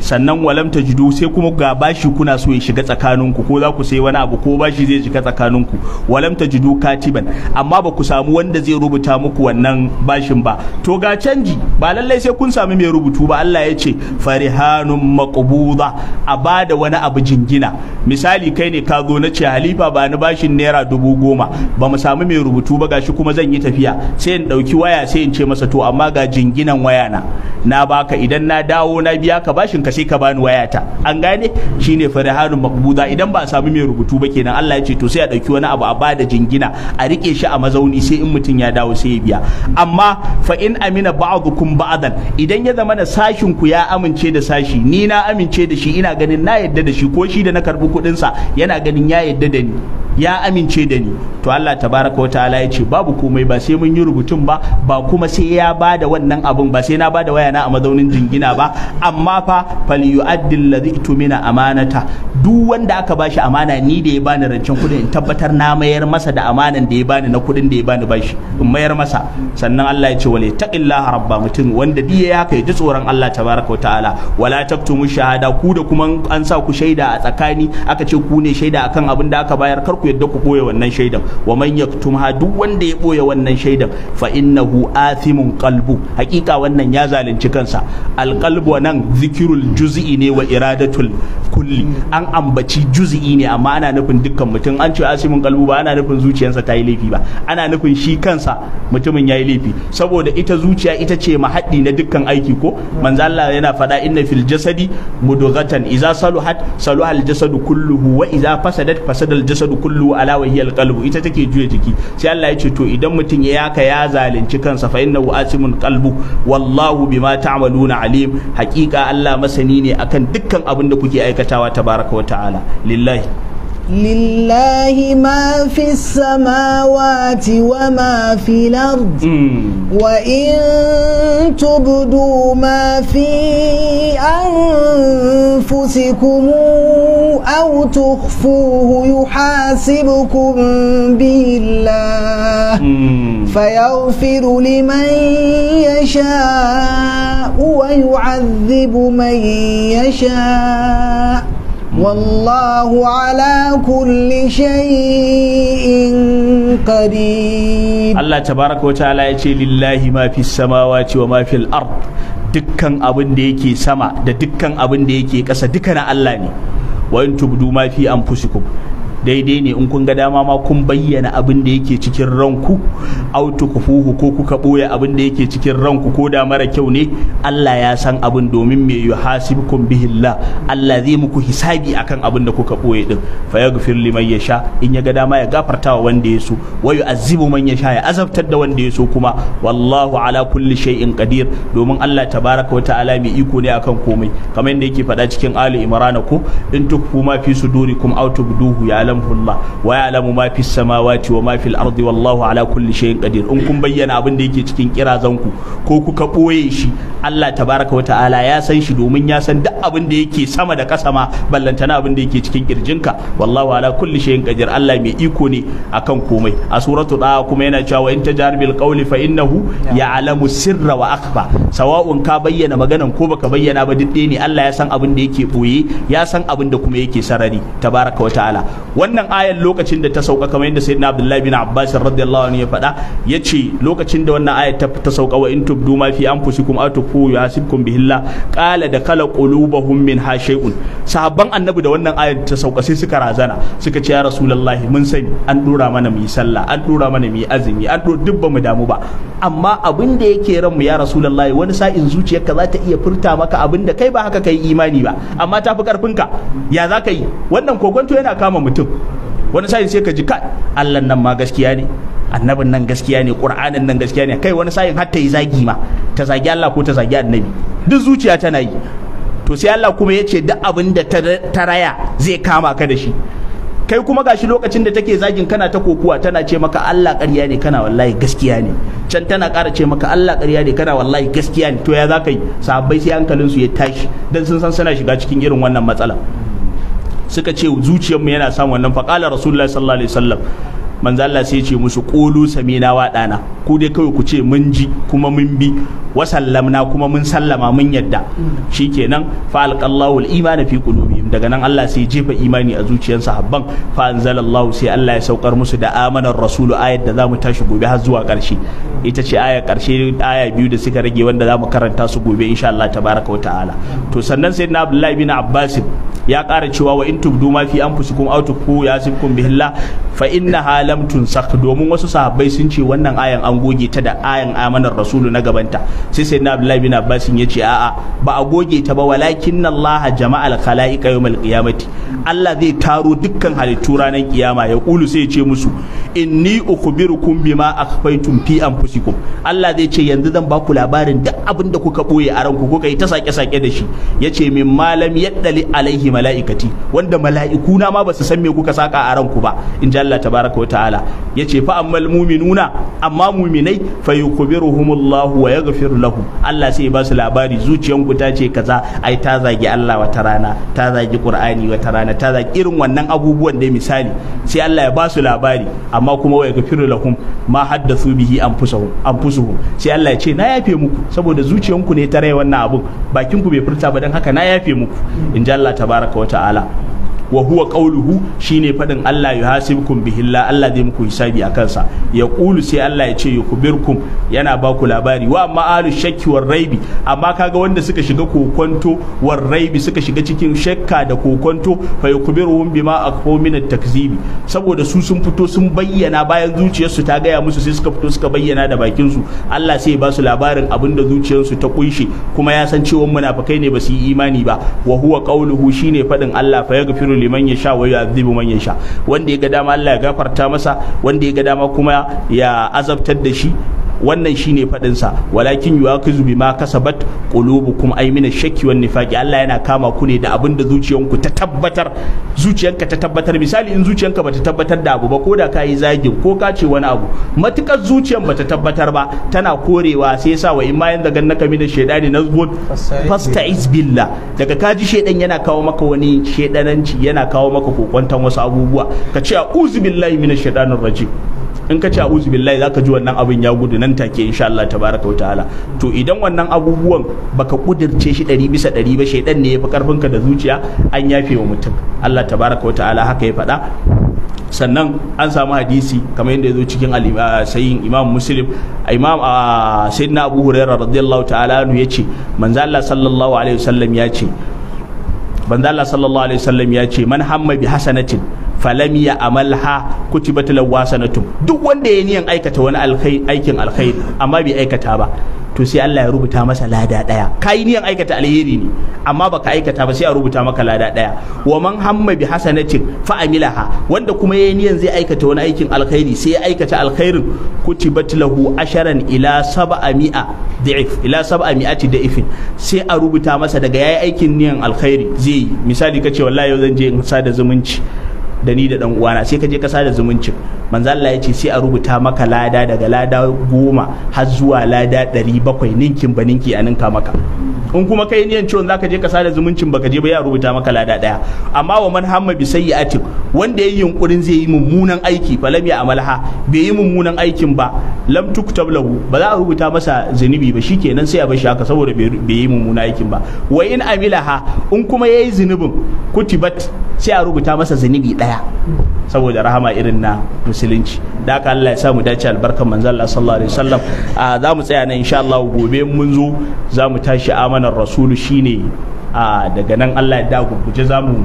sannan walam ta jidu sai kuma ga bashi kuna so ya shiga tsakaninku ko za ku sai wani abu ko bashi zai shiga tsakaninku walam ta jidu katiban amma ba ku samu wanda zai rubuta muku wannan bashin ba to ga canji ba lallai sai kun sami mai rubutu ba Allah ya ce farihanun maqbuda a bada wani abu jingina misali kai ne ka zo na ce halifa ba ni bashin naira dubu goma ba mu samu mai rubutu ba gashi kuma zan yi tafiya sai in dauki waya sai in ce masa to amma ga jinginan waya na na baka idan na dawo na biya ka bashin ka sai ka bani wayata an gane shine farihanun makbuda idan ba a samu mai rubutu ba kenan Allah ya ce to sai a dauki wani abu a bada jingina a rike shi a mazauni sai in mutum ya dawo sai ya biya amma fa in amina ba'dukum ba'dan idan ya zama na sashin ku ya amince da sashi ni na amince da shi ina ganin na yadda da shi ko shi da na karbi kuɗin sa yana ganin ya yadda da ni ya amince da ni to Allah tabaraka wa ta'ala ya ce babu komai ba sai mun yi rubutun ba ba kuma sai ya ba da wannan abun ba sai na bada waya na a mazaunin jingina ba amma fa yu'addil ladhi tumina amanata duk wanda aka bashi amana ni da ya bani rancen kudin in tabbatar na mayar masa da amanan da ya bani na kudin da ya bani bashi in mayar masa sannan Allah ya ce wale taqillaha rabba mutum wanda diya ya kai ji tsoron Allah tabaraka wa ta'ala wala taktumu shahada ku da kuma an sa ku shaida a tsakani aka ce ku ne shaida akan abin da aka bayar kar ku yadda ku boye wannan shaidan wa man yaktumha duk wanda ya boye wannan shaidan fa innahu athimun qalbu hakika wannan ya zalunci kansa alqalbu nan zikirul juz'i ne wa iradatul kulli an ambaci juz'i ne amma ana nufin dukkan mutum an ce asimin qalbu ba ana nufin zuciyarsa ta yi laifi ba ana nufin shi kansa mutumin ya yi laifi saboda ita zuciya ita ce mahaɗi na dukkan aiki ko manzo Allah yana faɗa inna fil jasadi mudghatan idza saluhat saluhal jasadu kulluhu wa idza fasadat fasadal jasadu kulluhu kullu ala wa hiya ita take juya jiki sai Allah ya ce to idan mutum ya yaka ya zalunci kansa fa innahu asimun qalbu wallahu bima ta'maluna alim haqiqa Allah masani ne akan dukkan abin da kuke aikatawa tabaraka wa ta'ala lillahi لله ما في السماوات وما في الأرض وإن تبدوا ما في أنفسكم أو تخفوه يحاسبكم به الله فيغفر لمن يشاء ويعذب من يشاء والله على كل شيء قدير الله تبارك وتعالى يقول لله ما في السماوات وما في الأرض dukkan abin da yake sama da dukkan abin da yake ƙasa duka na Allah ne wa in tubdu ma fi anfusikum daidai ne in kun ga dama ma kun bayyana abin da yake cikin ranku au tukfuhu ko kuka boye abin da yake cikin ranku ko da mara kyau ne Allah ya san abin domin me hasibkum bihillah Allah zai muku hisabi akan abin da kuka boye din fa yaghfir liman yasha in ya ga dama ya gafarta wa wanda ya so wa yu'azzibu man sha ya azabtar da wanda ya so kuma wallahu ala kulli shay'in qadir domin Allah tabaraka wa ta'ala mai iko ne akan komai kamar yadda yake faɗa cikin Ali Imran ko in tukfu ma fi sudurikum aw tubduhu ya ya'lamuhullah wa ya'lamu ma fis samawati wa ma fil ardi wallahu ala kulli shay'in qadir in kun bayyana abin da yake cikin kirazan ku ko kuka boye shi Allah tabaraka wa ta'ala ya san shi domin ya san duk abin da yake sama da kasa ma ballantana abin da yake cikin kirjinka wallahu ala kulli shay'in qadir Allah mai iko ne akan komai a suratu da kuma yana cewa in tajar bil qawli fa innahu ya'lamu sirra wa akhfa sawa'un ka bayyana maganan ko baka bayyana ba duk ne Allah ya san abin da yake boye ya san abin da kuma yake sarari tabaraka wa ta'ala wannan ayar lokacin da ta sauka kamar yadda sayyidina abdullahi bin abbas radiyallahu anhu ya faɗa ya ce lokacin da wannan ayar ta, ta sauka wa in tubdu ma fi anfusikum aw tukhfu yuhasibkum bihillah qala da kala qulubuhum min ha shay'un sahabban annabi da wannan ayar ta sauka sai suka razana suka ce ya rasulullahi mun sani an dora mana mu yi sallah an dora mana mu yi azumi an dora duk bamu mu damu ba amma abin da yake ran mu ya rasulullahi wani sa'in zuciyarka za ta iya furta maka abin da kai ba haka kai imani ba amma ta fi karfinka ya za ka yi wannan kokonto yana kama mutum wani sa'in sai ka ji kai Allah nan ma gaskiya ne annabin nan gaskiya ne qur'anin nan gaskiya ne kai wani sa'in har ta yi zagi ma ta zagi Allah ko ta zagi annabi duk zuciya tana yi to sai Allah kuma ya ce duk abin da ta raya zai kama ka da shi kai kuma gashi lokacin da take zagin kana ta kokuwa tana ce maka Allah ƙarya ne kana wallahi gaskiya ne can tana ƙara ce maka Allah ƙarya ne kana wallahi gaskiya ne to ya za yi sahabbai sai hankalin su ya tashi dan sun san suna shiga cikin irin wannan matsala suka ce zuciyarmu yana samun wannan faƙalar rasulullahi sallallahu alaihi wasallam manzo Allah sai ce musu qulu samina wa dana ku dai kawai ku ce mun ji kuma mun bi wa sallamna kuma mun sallama mun yadda shikenan fa alqallahu al-imana fi qulubihim daga nan Allah sai jefa imani a zuciyar sahabban fa anzalallahu sai Allah ya saukar musu da amanar rasulu ayat da zamu tashi gobe har zuwa karshe ita ce aya karshe aya biyu da suka rage wanda mu karanta su gobe insha Allah tabaraka wa ta'ala to sannan na Abdullahi bin Abbas ya ƙara cewa wa in tubdu ma fi anfusikum aw ya yasibkum bihillah fa inna lam tunsak domin wasu sahabbai sun ce wannan ayan an goge ta da ayan amanar rasulu na gabanta sai sai na abdullahi bin abbas ya ce a'a ba a goge ta ba walakin allah jama'al khalaiqa yawmal qiyamati allah zai taro dukkan halittu ranar kiyama ya kulu sai ya ce musu inni ukhbirukum bima akhfaytum fi anfusikum allah zai ce yanzu zan ba ku labarin duk abin da kuka boye a ranku kuka yi ta sake-sake da shi ya ce min malam yaddali alaihi mala'ikati wanda mala'iku na ma su san me kuka saka a ranku ba in ji allah tabaraka wa ta'ala ce fa amma mu'minuna amma mu'minai fayukbiruhumullahu wa yaghfir lahu Allah sai ba su labari ku ta ce kaza ai ta zagi Allah wata rana ta zagi Qur'ani wata rana ta zagi irin wannan abubuwan da misali sai Allah ya ba su labari amma kuma wa yaghfir lahum ma haddathu bihi anfusahum anfusuhum sai Allah ya ce na yafe muku saboda ku ne ta rai wannan abun bakin ku bai furta ba dan haka na yafe muku in ji Allah tabaraka wa ta'ala wa huwa qauluhu shine fadin Allah ya yuhasibukum bihillah Allah zai muku hisabi a kansa ya qulu sai Allah ya ce yukbirkum yana ba ku labari wa amma alu shakki war raibi amma kaga wanda suka shiga kokonto war raibi suka shiga cikin shakka da kokonto fa yukbiruhum bima akfu min takzibi saboda su sun fito sun bayyana bayan zuciyarsu ta gaya musu sai suka fito suka bayyana da bakin su Allah sai ya ba su labarin abin da zuciyarsu ta kunshe kuma ya san cewa munafikai ne ba su yi imani ba wa huwa qauluhu shine fadin Allah fa yaghfiru liman ya sha wa azibu man yasha wanda ya ga dama Allah ya gafarta masa wanda ya ga dama kuma ya azabtar da shi wannan shine fadin sa walakin yuwakizu bima kasabat qulubukum ay min ash-shakki wan nifaqi Allah yana kama ku ne da abinda da zuciyanku ta tabbatar zuciyanka ta tabbatar misali in zuciyanka bata tabbatar da abu ba ko da kai zagin ko ka ce wani abu matukar zuciyan bata tabbatar ba tana korewa sai yasa wa in ma ganna ka min ash-shaytani fasta'iz billah daga kaji shedan yana kawo maka wani shedananci yana kawo maka kokwantan wasu abubuwa ka ce a'udhu billahi minash shaytanir rajim in ka ce a'udhu billahi zaka ji wannan abin ya gudu nan take insha Allah tabaraka ta'ala to idan wannan abubuwan baka kudirce shi ɗari bisa ɗari ba shaidan ne ya fi karfin ka da zuciya an yafe wa mutum Allah tabaraka ta'ala haka ya faɗa sannan an samu hadisi kamar yadda ya zo cikin ah, sayin imam muslim imam ah, sayyidina abu huraira radiyallahu ta'ala ya ce manzo Allah sallallahu alaihi wasallam ya manzo Allah sallallahu alaihi wasallam ya ce man hamma bi hasanatin falam ya amalha kutibat lahu duk wanda ya niyan aikata wani aikin alkhairi amma bai aikata ba to sai Allah ya rubuta masa lada daya kai niyan aikata alheri ne amma baka aikata ba sai a rubuta maka lada daya wa man hamma bi hasanatin fa amilaha wanda kuma ya niyan zai aikata wani aikin alkhairi sai ya aikata alkhairin kutibat lahu asharan ila sab'a mi'a da'if ila sab'a mi'ati da'ifin sai a rubuta masa daga yayi aikin niyan alkhairi zai misali kace wallahi yau zan je in sada zumunci da ni da dan uwana sai ka je ka sada zumuncin manzo Allah ya ce sai a rubuta maka lada daga lada goma har zuwa lada ɗari bakwai ninkin ba ninki a ninka maka in kuma kai niyan ciwon zaka je ka sada zumuncin baka je ba ya rubuta maka lada daya. amma wa man hamma bi sayyi'atin wanda yayi yunkurin zai yi mummunan aiki falam ya amalha bai yi mummunan aikin ba lam tuktab lahu ba za a rubuta masa zunubi ba shikenan sai a bar shi haka saboda bai yi mummunan aikin ba wa in amilaha in kuma yayi zunubin kutibat sai a rubuta masa zunubi daya saboda rahama irin na musulunci da aka Allah ya samu dace albarkan manzo Allah sallallahu alaihi wasallam za mu tsaya nan insha Allah gobe mun zo za mu tashi amanar rasulu shine daga nan Allah ya da guje za mu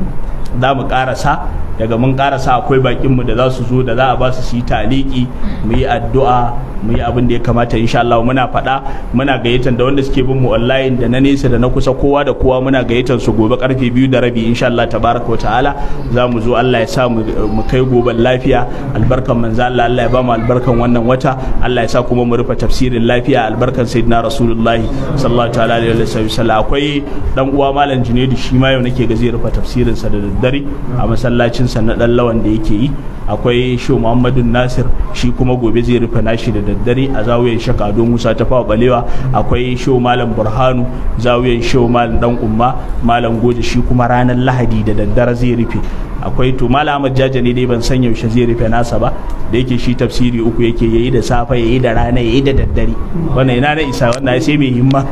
za mu karasa daga mun karasa akwai bakin mu da za su zo da za a ba su yi taliki mu yi addu'a mu yi abin da ya kamata insha Allah muna faɗa muna gayyatan da wanda suke bin mu online da na nesa da na kusa kowa da kowa muna gayyatan su gobe karfe biyu da rabi insha Allah tabaraka ta'ala za mu zo Allah ya sa mu kai goben lafiya albarkan manzo Allah Allah ya ba mu albarkan wannan wata Allah ya sa kuma mu rufe tafsirin lafiya albarkan sayyidina rasulullahi sallallahu ta'ala alaihi wa sallam akwai dan uwa malam Junaidu shi ma yau nake ga zai rufe tafsirin sa da daddare a masallacin sa na dan lawan da yake yi akwai sho muhammadu nasir shi kuma gobe zai rufe nashi da daddare a zawiyar shakado don musa ta fawa balewa akwai sho malam burhanu zawiyar sho malam dan umma malam goje shi kuma ranar lahadi da daddare zai rufe akwai to malam jaja ne dai ban san yaushe zai rufe nasa ba da yake shi tafsiri uku yake yayi da safe yayi da rana yayi da daddare wannan ina na isa wannan sai mai himma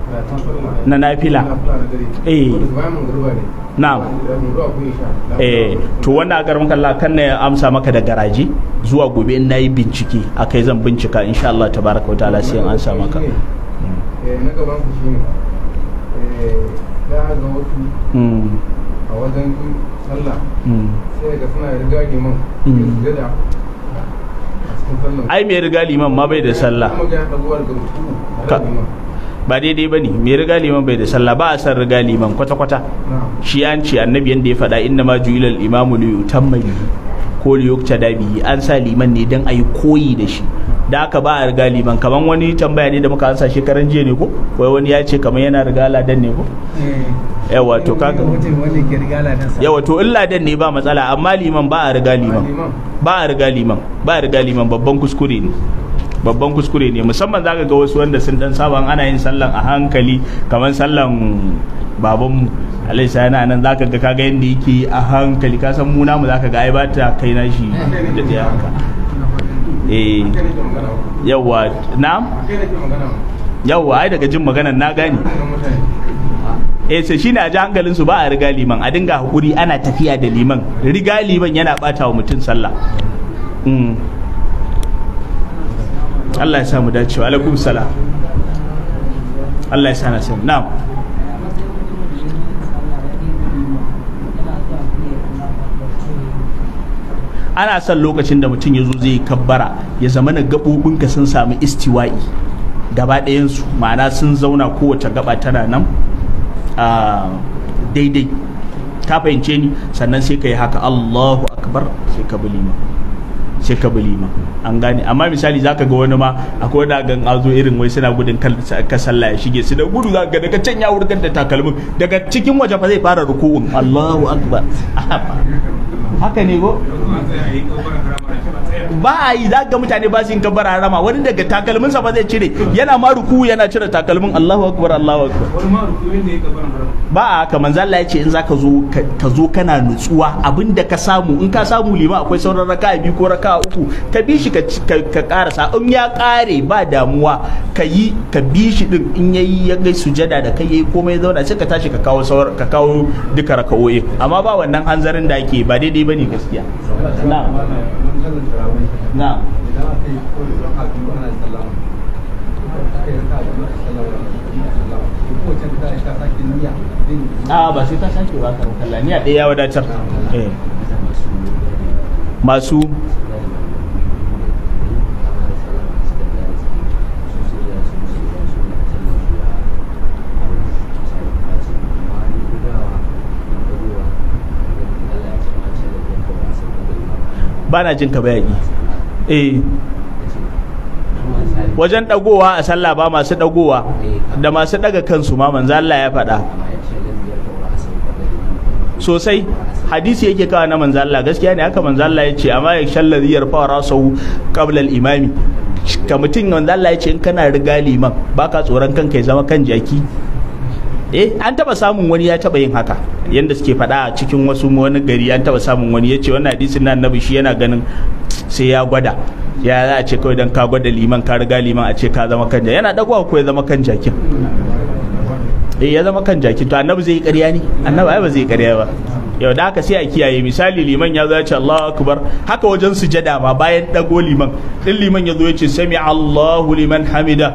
na nafila eh na'am eh to wannan a garin kalla kan na amsa maka da garaji zuwa gobe in nayi bincike akai zan bincika insha Allah tabaraka wa ta'ala sai an sa maka eh, na gaban ku shine eh, da ga wasu hmm. a wajen sallah hmm. sai ga suna riga liman hmm. sujada ai mai riga liman ma bai da sallah ba daidai ba ne mai riga liman bai da sallah ba a san riga liman kwata-kwata shi an ce annabi yadda ya faɗa inna ma ju'ilal imamu li ma bihi ko li yuktada bihi an sa liman ne dan ayi koyi da shi da aka ba a riga liman kaman wani tambaya ne da muka ansa shekaran jiya ne ko wai wani ya ce kaman yana riga ladan ne ko eh. yawa to kaga yawa to in ladan ne ba matsala amma liman riga liman ba riga liman ba a riga liman babban kuskure ne babban kuskure ne musamman zaka ga wasu wanda sun dan saban ana yin sallan a hankali kamar sallan baban mu alaisa yana nan zaka ga kaga yanda yake a hankali ka san mu namu zaka ga ai ba ta kai na shi da ya haka eh yawa na'am yawa ai daga jin maganar na gane eh sai ne a ji hankalin su ba a riga liman a dinga hakuri ana tafiya da liman riga liman yana bata wa mutum sallah hmm. Allah ya sa mu dacewa alaikum salam Allah ya sa na sai ana son lokacin da mutum ya zo zai kabbara ya zama na gaɓoɓinka sun samu istiwa'i gaba ɗayansu ma'ana sun zauna kowace gaba tana nan daidai ta fahimce ni sannan sai ka yi haka allahu akbar sai ka bi sai ka an gane amma misali zaka ga wani ma akwai da gan azo irin wai suna gudun ka sallah ya shige su da gudu za ga daga can ya wurgar da takalmin daga cikin waje fa zai fara ruku'un Allahu akbar haka ne go ba a yi za ga mutane ba su yin kabbar rama wani daga takalminsa ba zai cire yana ma ruku yana cire takalmin Allahu akbar Allahu akbar ba a haka manzo Allah ya ce in zaka zo ka zo kana nutsuwa abinda ka samu in ka samu lima akwai sauran raka biyu ko raka uku ka bi shi ka karasa in ya kare ba damuwa ka yi ka bi shi din in yayi ya gai sujada da kai yayi komai zauna sai ka tashi ka kawo sauran ka kawo duka raka'o'i amma ba wannan hanzarin da ake ba daidai bane gaskiya na'am sallar tarawih na idan aka yi ana sallama aka yi sallama sallama ko ta ta niyya a ba sai ta sake ba niyya ɗaya ya wadatar eh. masu ba na jin ka bayaki eh wajen dagowa a sallah ba masu dagowa da masu daga kansu ma manzo Allah ya faɗa sosai hadisi yake kawo na manzo Allah gaskiya ne haka manzo Allah ya ce amma ya shallazi fa rasu qabla al-imami ka mutum manzo Allah ya ce in kana riga liman baka tsoron kanka ya zama kan jaki eh an taba samun wani ya taba yin haka yanda suke faɗa a cikin wasu wani gari an taba samun wani ya ce wannan hadisin na annabi shi yana ganin sai ya gwada ya za a ce kawai dan ka gwada liman ka riga liman a ce ka zama kan jaki yana dagowa ko ya zama kan jakin eh ya zama kan jakin to annabi zai yi ƙarya ne annabi ai ba zai yi ƙarya ba yau da haka sai a kiyaye misali liman ya zo ya ce Allahu akbar haka wajen sujada ma bayan dago liman din liman ya zo ya ce sami Allahu liman hamida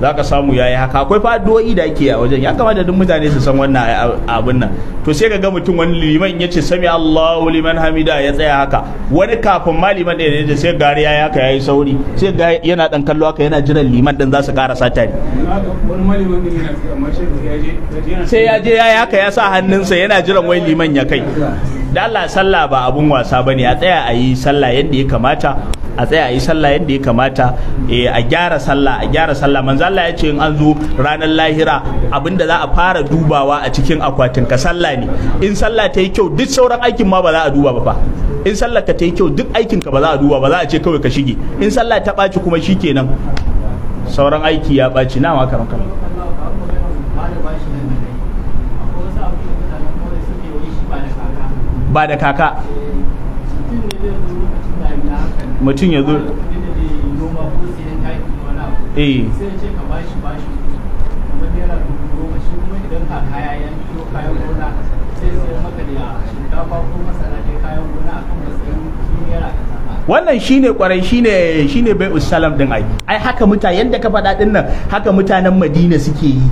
za ka samu yayi haka akwai addu'o'i da ake a wajen ya kamata duk mutane su san wannan abin nan to sai ka ga mutum wani liman ya ce sami Allahu liman hamida ya tsaya haka wani kafin ma liman ɗaya ne sai gari yayi haka yayi sauri sai ga yana dan kallo haka yana jiran liman din za su karasa tare sai ya je yayi haka ya sa hannunsa yana jiran wai liman ya kai da Allah sallah ba abun wasa bane a tsaya a yi sallah yadda ya kamata a tsaya a yi sallah yadda ya kamata eh, a gyara sallah a gyara sallah manzo Allah ya ce in an zo ranar lahira abinda za a fara dubawa a cikin akwatin ka sallah ne in sallah ta yi kyau duk sauran aikin ma ba za a duba ba fa in sallah ka ta yi kyau duk aikin ka ba za a duba ba za a ce kawai ka shige in sallah ta ɓaci kuma shikenan sauran aiki ya ɓaci na makaran kamar ba da kaka mutum ya zo wannan wannan shine kwarai shine shine bai usalam din ai ai haka mutane yanda ka faɗa din nan haka mutanen Madina suke yi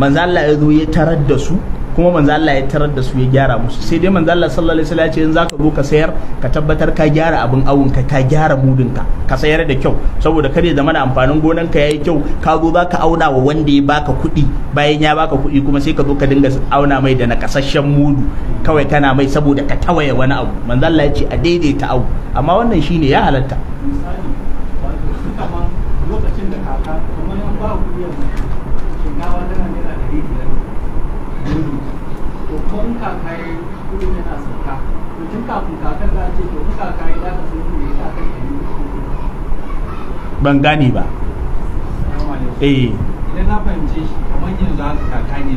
manzo Allah ya zo ya tarar da su kuma manzo Allah ya tarar da su ya gyara musu sai dai manzo Allah sallallahu alaihi wasallam ya ce in zaka zo ka sayar ka tabbatar ka gyara abin awun ka ka gyara mudun ka ka sayar da kyau saboda kare da mana amfanin gonan ka yayi kyau ka zo zaka auna wa wanda ya baka kuɗi bayan ya baka kuɗi kuma sai ka zo ka dinga auna mai da nakasashen mudu kawai kana mai saboda ka tawaye wani abu manzo Allah ya ce a daidaita abu amma wannan shine ya halatta kaka kudin yana sauka to tun kafin ce to kaka ka sai kudi ya ban gane ba eh idan na fahimce shi kamar yanzu haka kaka ne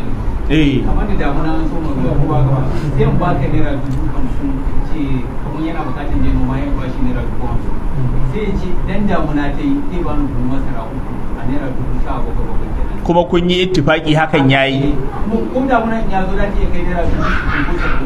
eh kamar da damuna an so magana kowa gaba sai in baka naira dubu hamsin ce kamar yana bukatan je noma ya bashi naira dubu sai ce idan damuna ba kuma kun yi ittifaki hakan ya zo da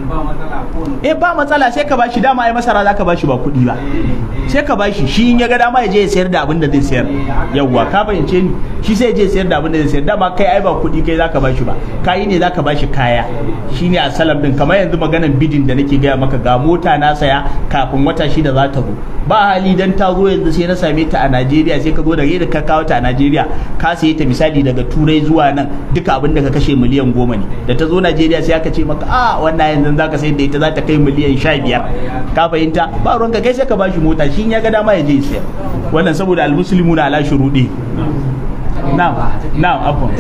ba matsala ko eh ba matsala sai ka bashi dama ai masara zaka bashi ba kuɗi ba eh, eh. sai ka bashi shi in ya ga dama ya je ya sayar da abin da zai sayar eh, yawwa ka fahimce ni shi sai ya je sayar da abin da zai sayar dama kai ai ba kuɗi kai ka bashi ba kayi ne za zaka bashi kaya shine a salam din kamar yanzu maganan bidin da nake gaya maka ga mota na saya kafin wata shida za ta zo ba hali dan ta zo yanzu sai na same ta a Najeriya sai ka zo da da ka kawo ta a Najeriya ka saye ta misali daga turai zuwa nan duka abin da ka kashe miliyan goma ne da ta zo Najeriya sai aka ce maka ah wannan yanzu ka sayar da ita za ta kai miliyan sha biyar ka fahimta ba ruwanka kai sai ka bashi mota shi ya ga dama ya je ya sayar wannan saboda na ala shurudi na'am na'am afwan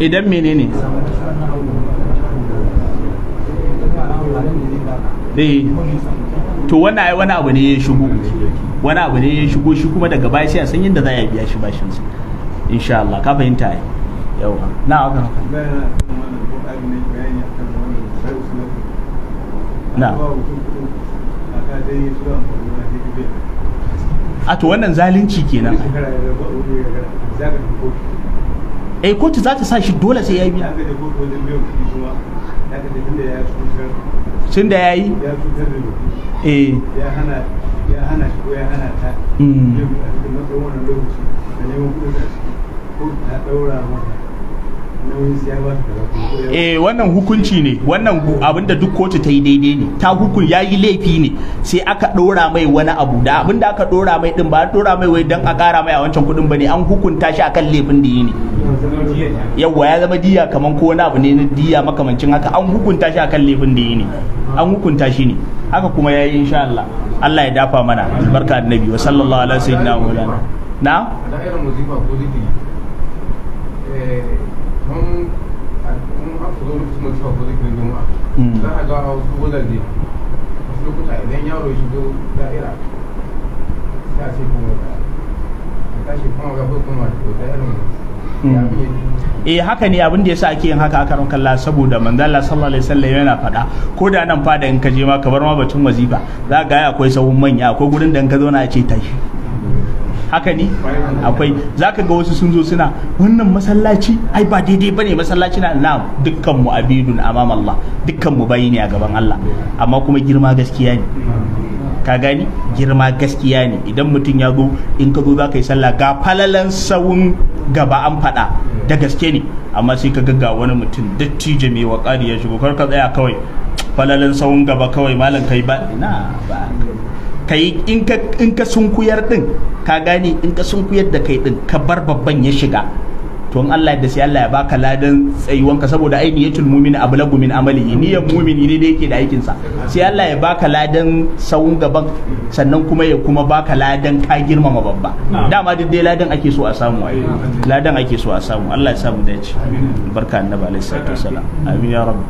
idan menene Eh, to wani ai wani abu ne ya shigo wani abu ne ya shigo shi kuma daga baya sai a san yadda za a biya shi bashin sa insha Allah ka fahimta ai yawa na aka na a to wannan zalunci kenan eh kotu za ta sa shi dole sai ya biya tun da ya yi ya eh ya hana ya hana ya hana ta mm. yin da matsayin wannan lokaci da neman kudin ko ta daura mata eh wannan hukunci ne wannan abinda duk kotu ta yi daidai ne ta hukun ya yi laifi ne sai aka dora mai wani abu da abinda aka dora mai din ba a dora mai wai dan a kara mai a wancan kudin bane an hukunta shi akan laifin da yi ne yawwa ya zama diya kamar ko wani abu ne na diya makamancin haka an hukunta shi akan laifin da yi ne an hukunta shi ne haka kuma ya yi insha Allah Allah ya dafa mana albarka annabi wa sallallahu alaihi wa sallam na irin ko Hmm. don da kuma kuma hmm. eh haka ne abin da yasa ake yin haka karon kalla saboda manzo Allah sallallahu alaihi wasallam yana faɗa ko da nan fada in ka je ma ka bar ma batun wazifa za ga akwai sahun manya akwai gurin da in ka zo na ce tashi haka ne akwai zaka ga wasu sun zo suna wannan masallaci ai ba daidai bane masallaci na na dukkan mu abidun amam Allah dukkan mu bayi ne a gaban Allah amma kuma girma gaskiya ne ka gani girma gaskiya ne idan mutum ya zo in ka zo za ka yi sallah ga falalan sawun gaba an faɗa da gaske ne amma sai ka ga wani mutum dattijo wa ƙari ya shigo kar ka tsaya kawai falalan sawun gaba kawai malam kai ba na ba Ka in ka in ka sunkuyar din ka gane in ka sunkuyar da kai din ka bar babban ya shiga to in Allah da sai Allah ya baka ladan ka saboda ai niyatul mu'min ablagu min amalihi niyyar mu'mini ne da yake da aikin sa sai Allah ya baka ladan sawun gaban sannan kuma ya kuma baka ladan ka girmama babba dama duk dai ladan ake so a samu ai ladan ake so a samu Allah ya samu dace barka annabi alaihi salatu wasalam amin ya rabbi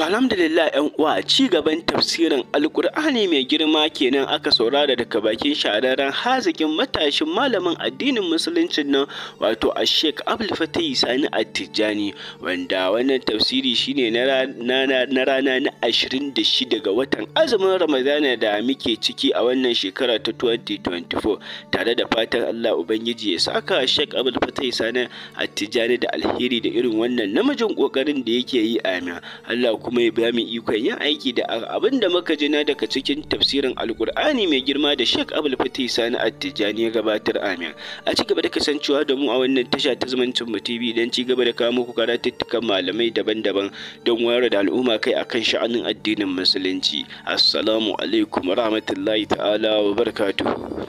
To alhamdulillah ‘yan uwa ci gaban tafsirin Alƙur'ani mai girma kenan aka saurara daga bakin shahararren hazikin matashin malamin addinin musuluncin nan wato a Sheikh Abdul Fatih Sani Attijani wanda wannan tafsiri shine na rana na 26 ga watan azumin Ramadana da muke ciki a wannan shekara ta 2024 tare da fatan Allah Ubangiji ya saka Sheikh Abdul Sani Attijani da alheri da irin wannan namijin kokarin da yake yi amin. Allah kuma ya ba ikon yin aiki da abin da muka ji na daga cikin tafsirin alkur'ani mai girma da sheik abul fatih sani attijani ya gabatar amin a ci gaba da kasancewa da mu a wannan tasha ta zumuncin mu tv don ci gaba da kawo muku karatuttukan malamai daban-daban don wayar da al'umma kai akan sha'anin addinin musulunci assalamu alaikum rahmatullahi ta'ala wa barakatuhu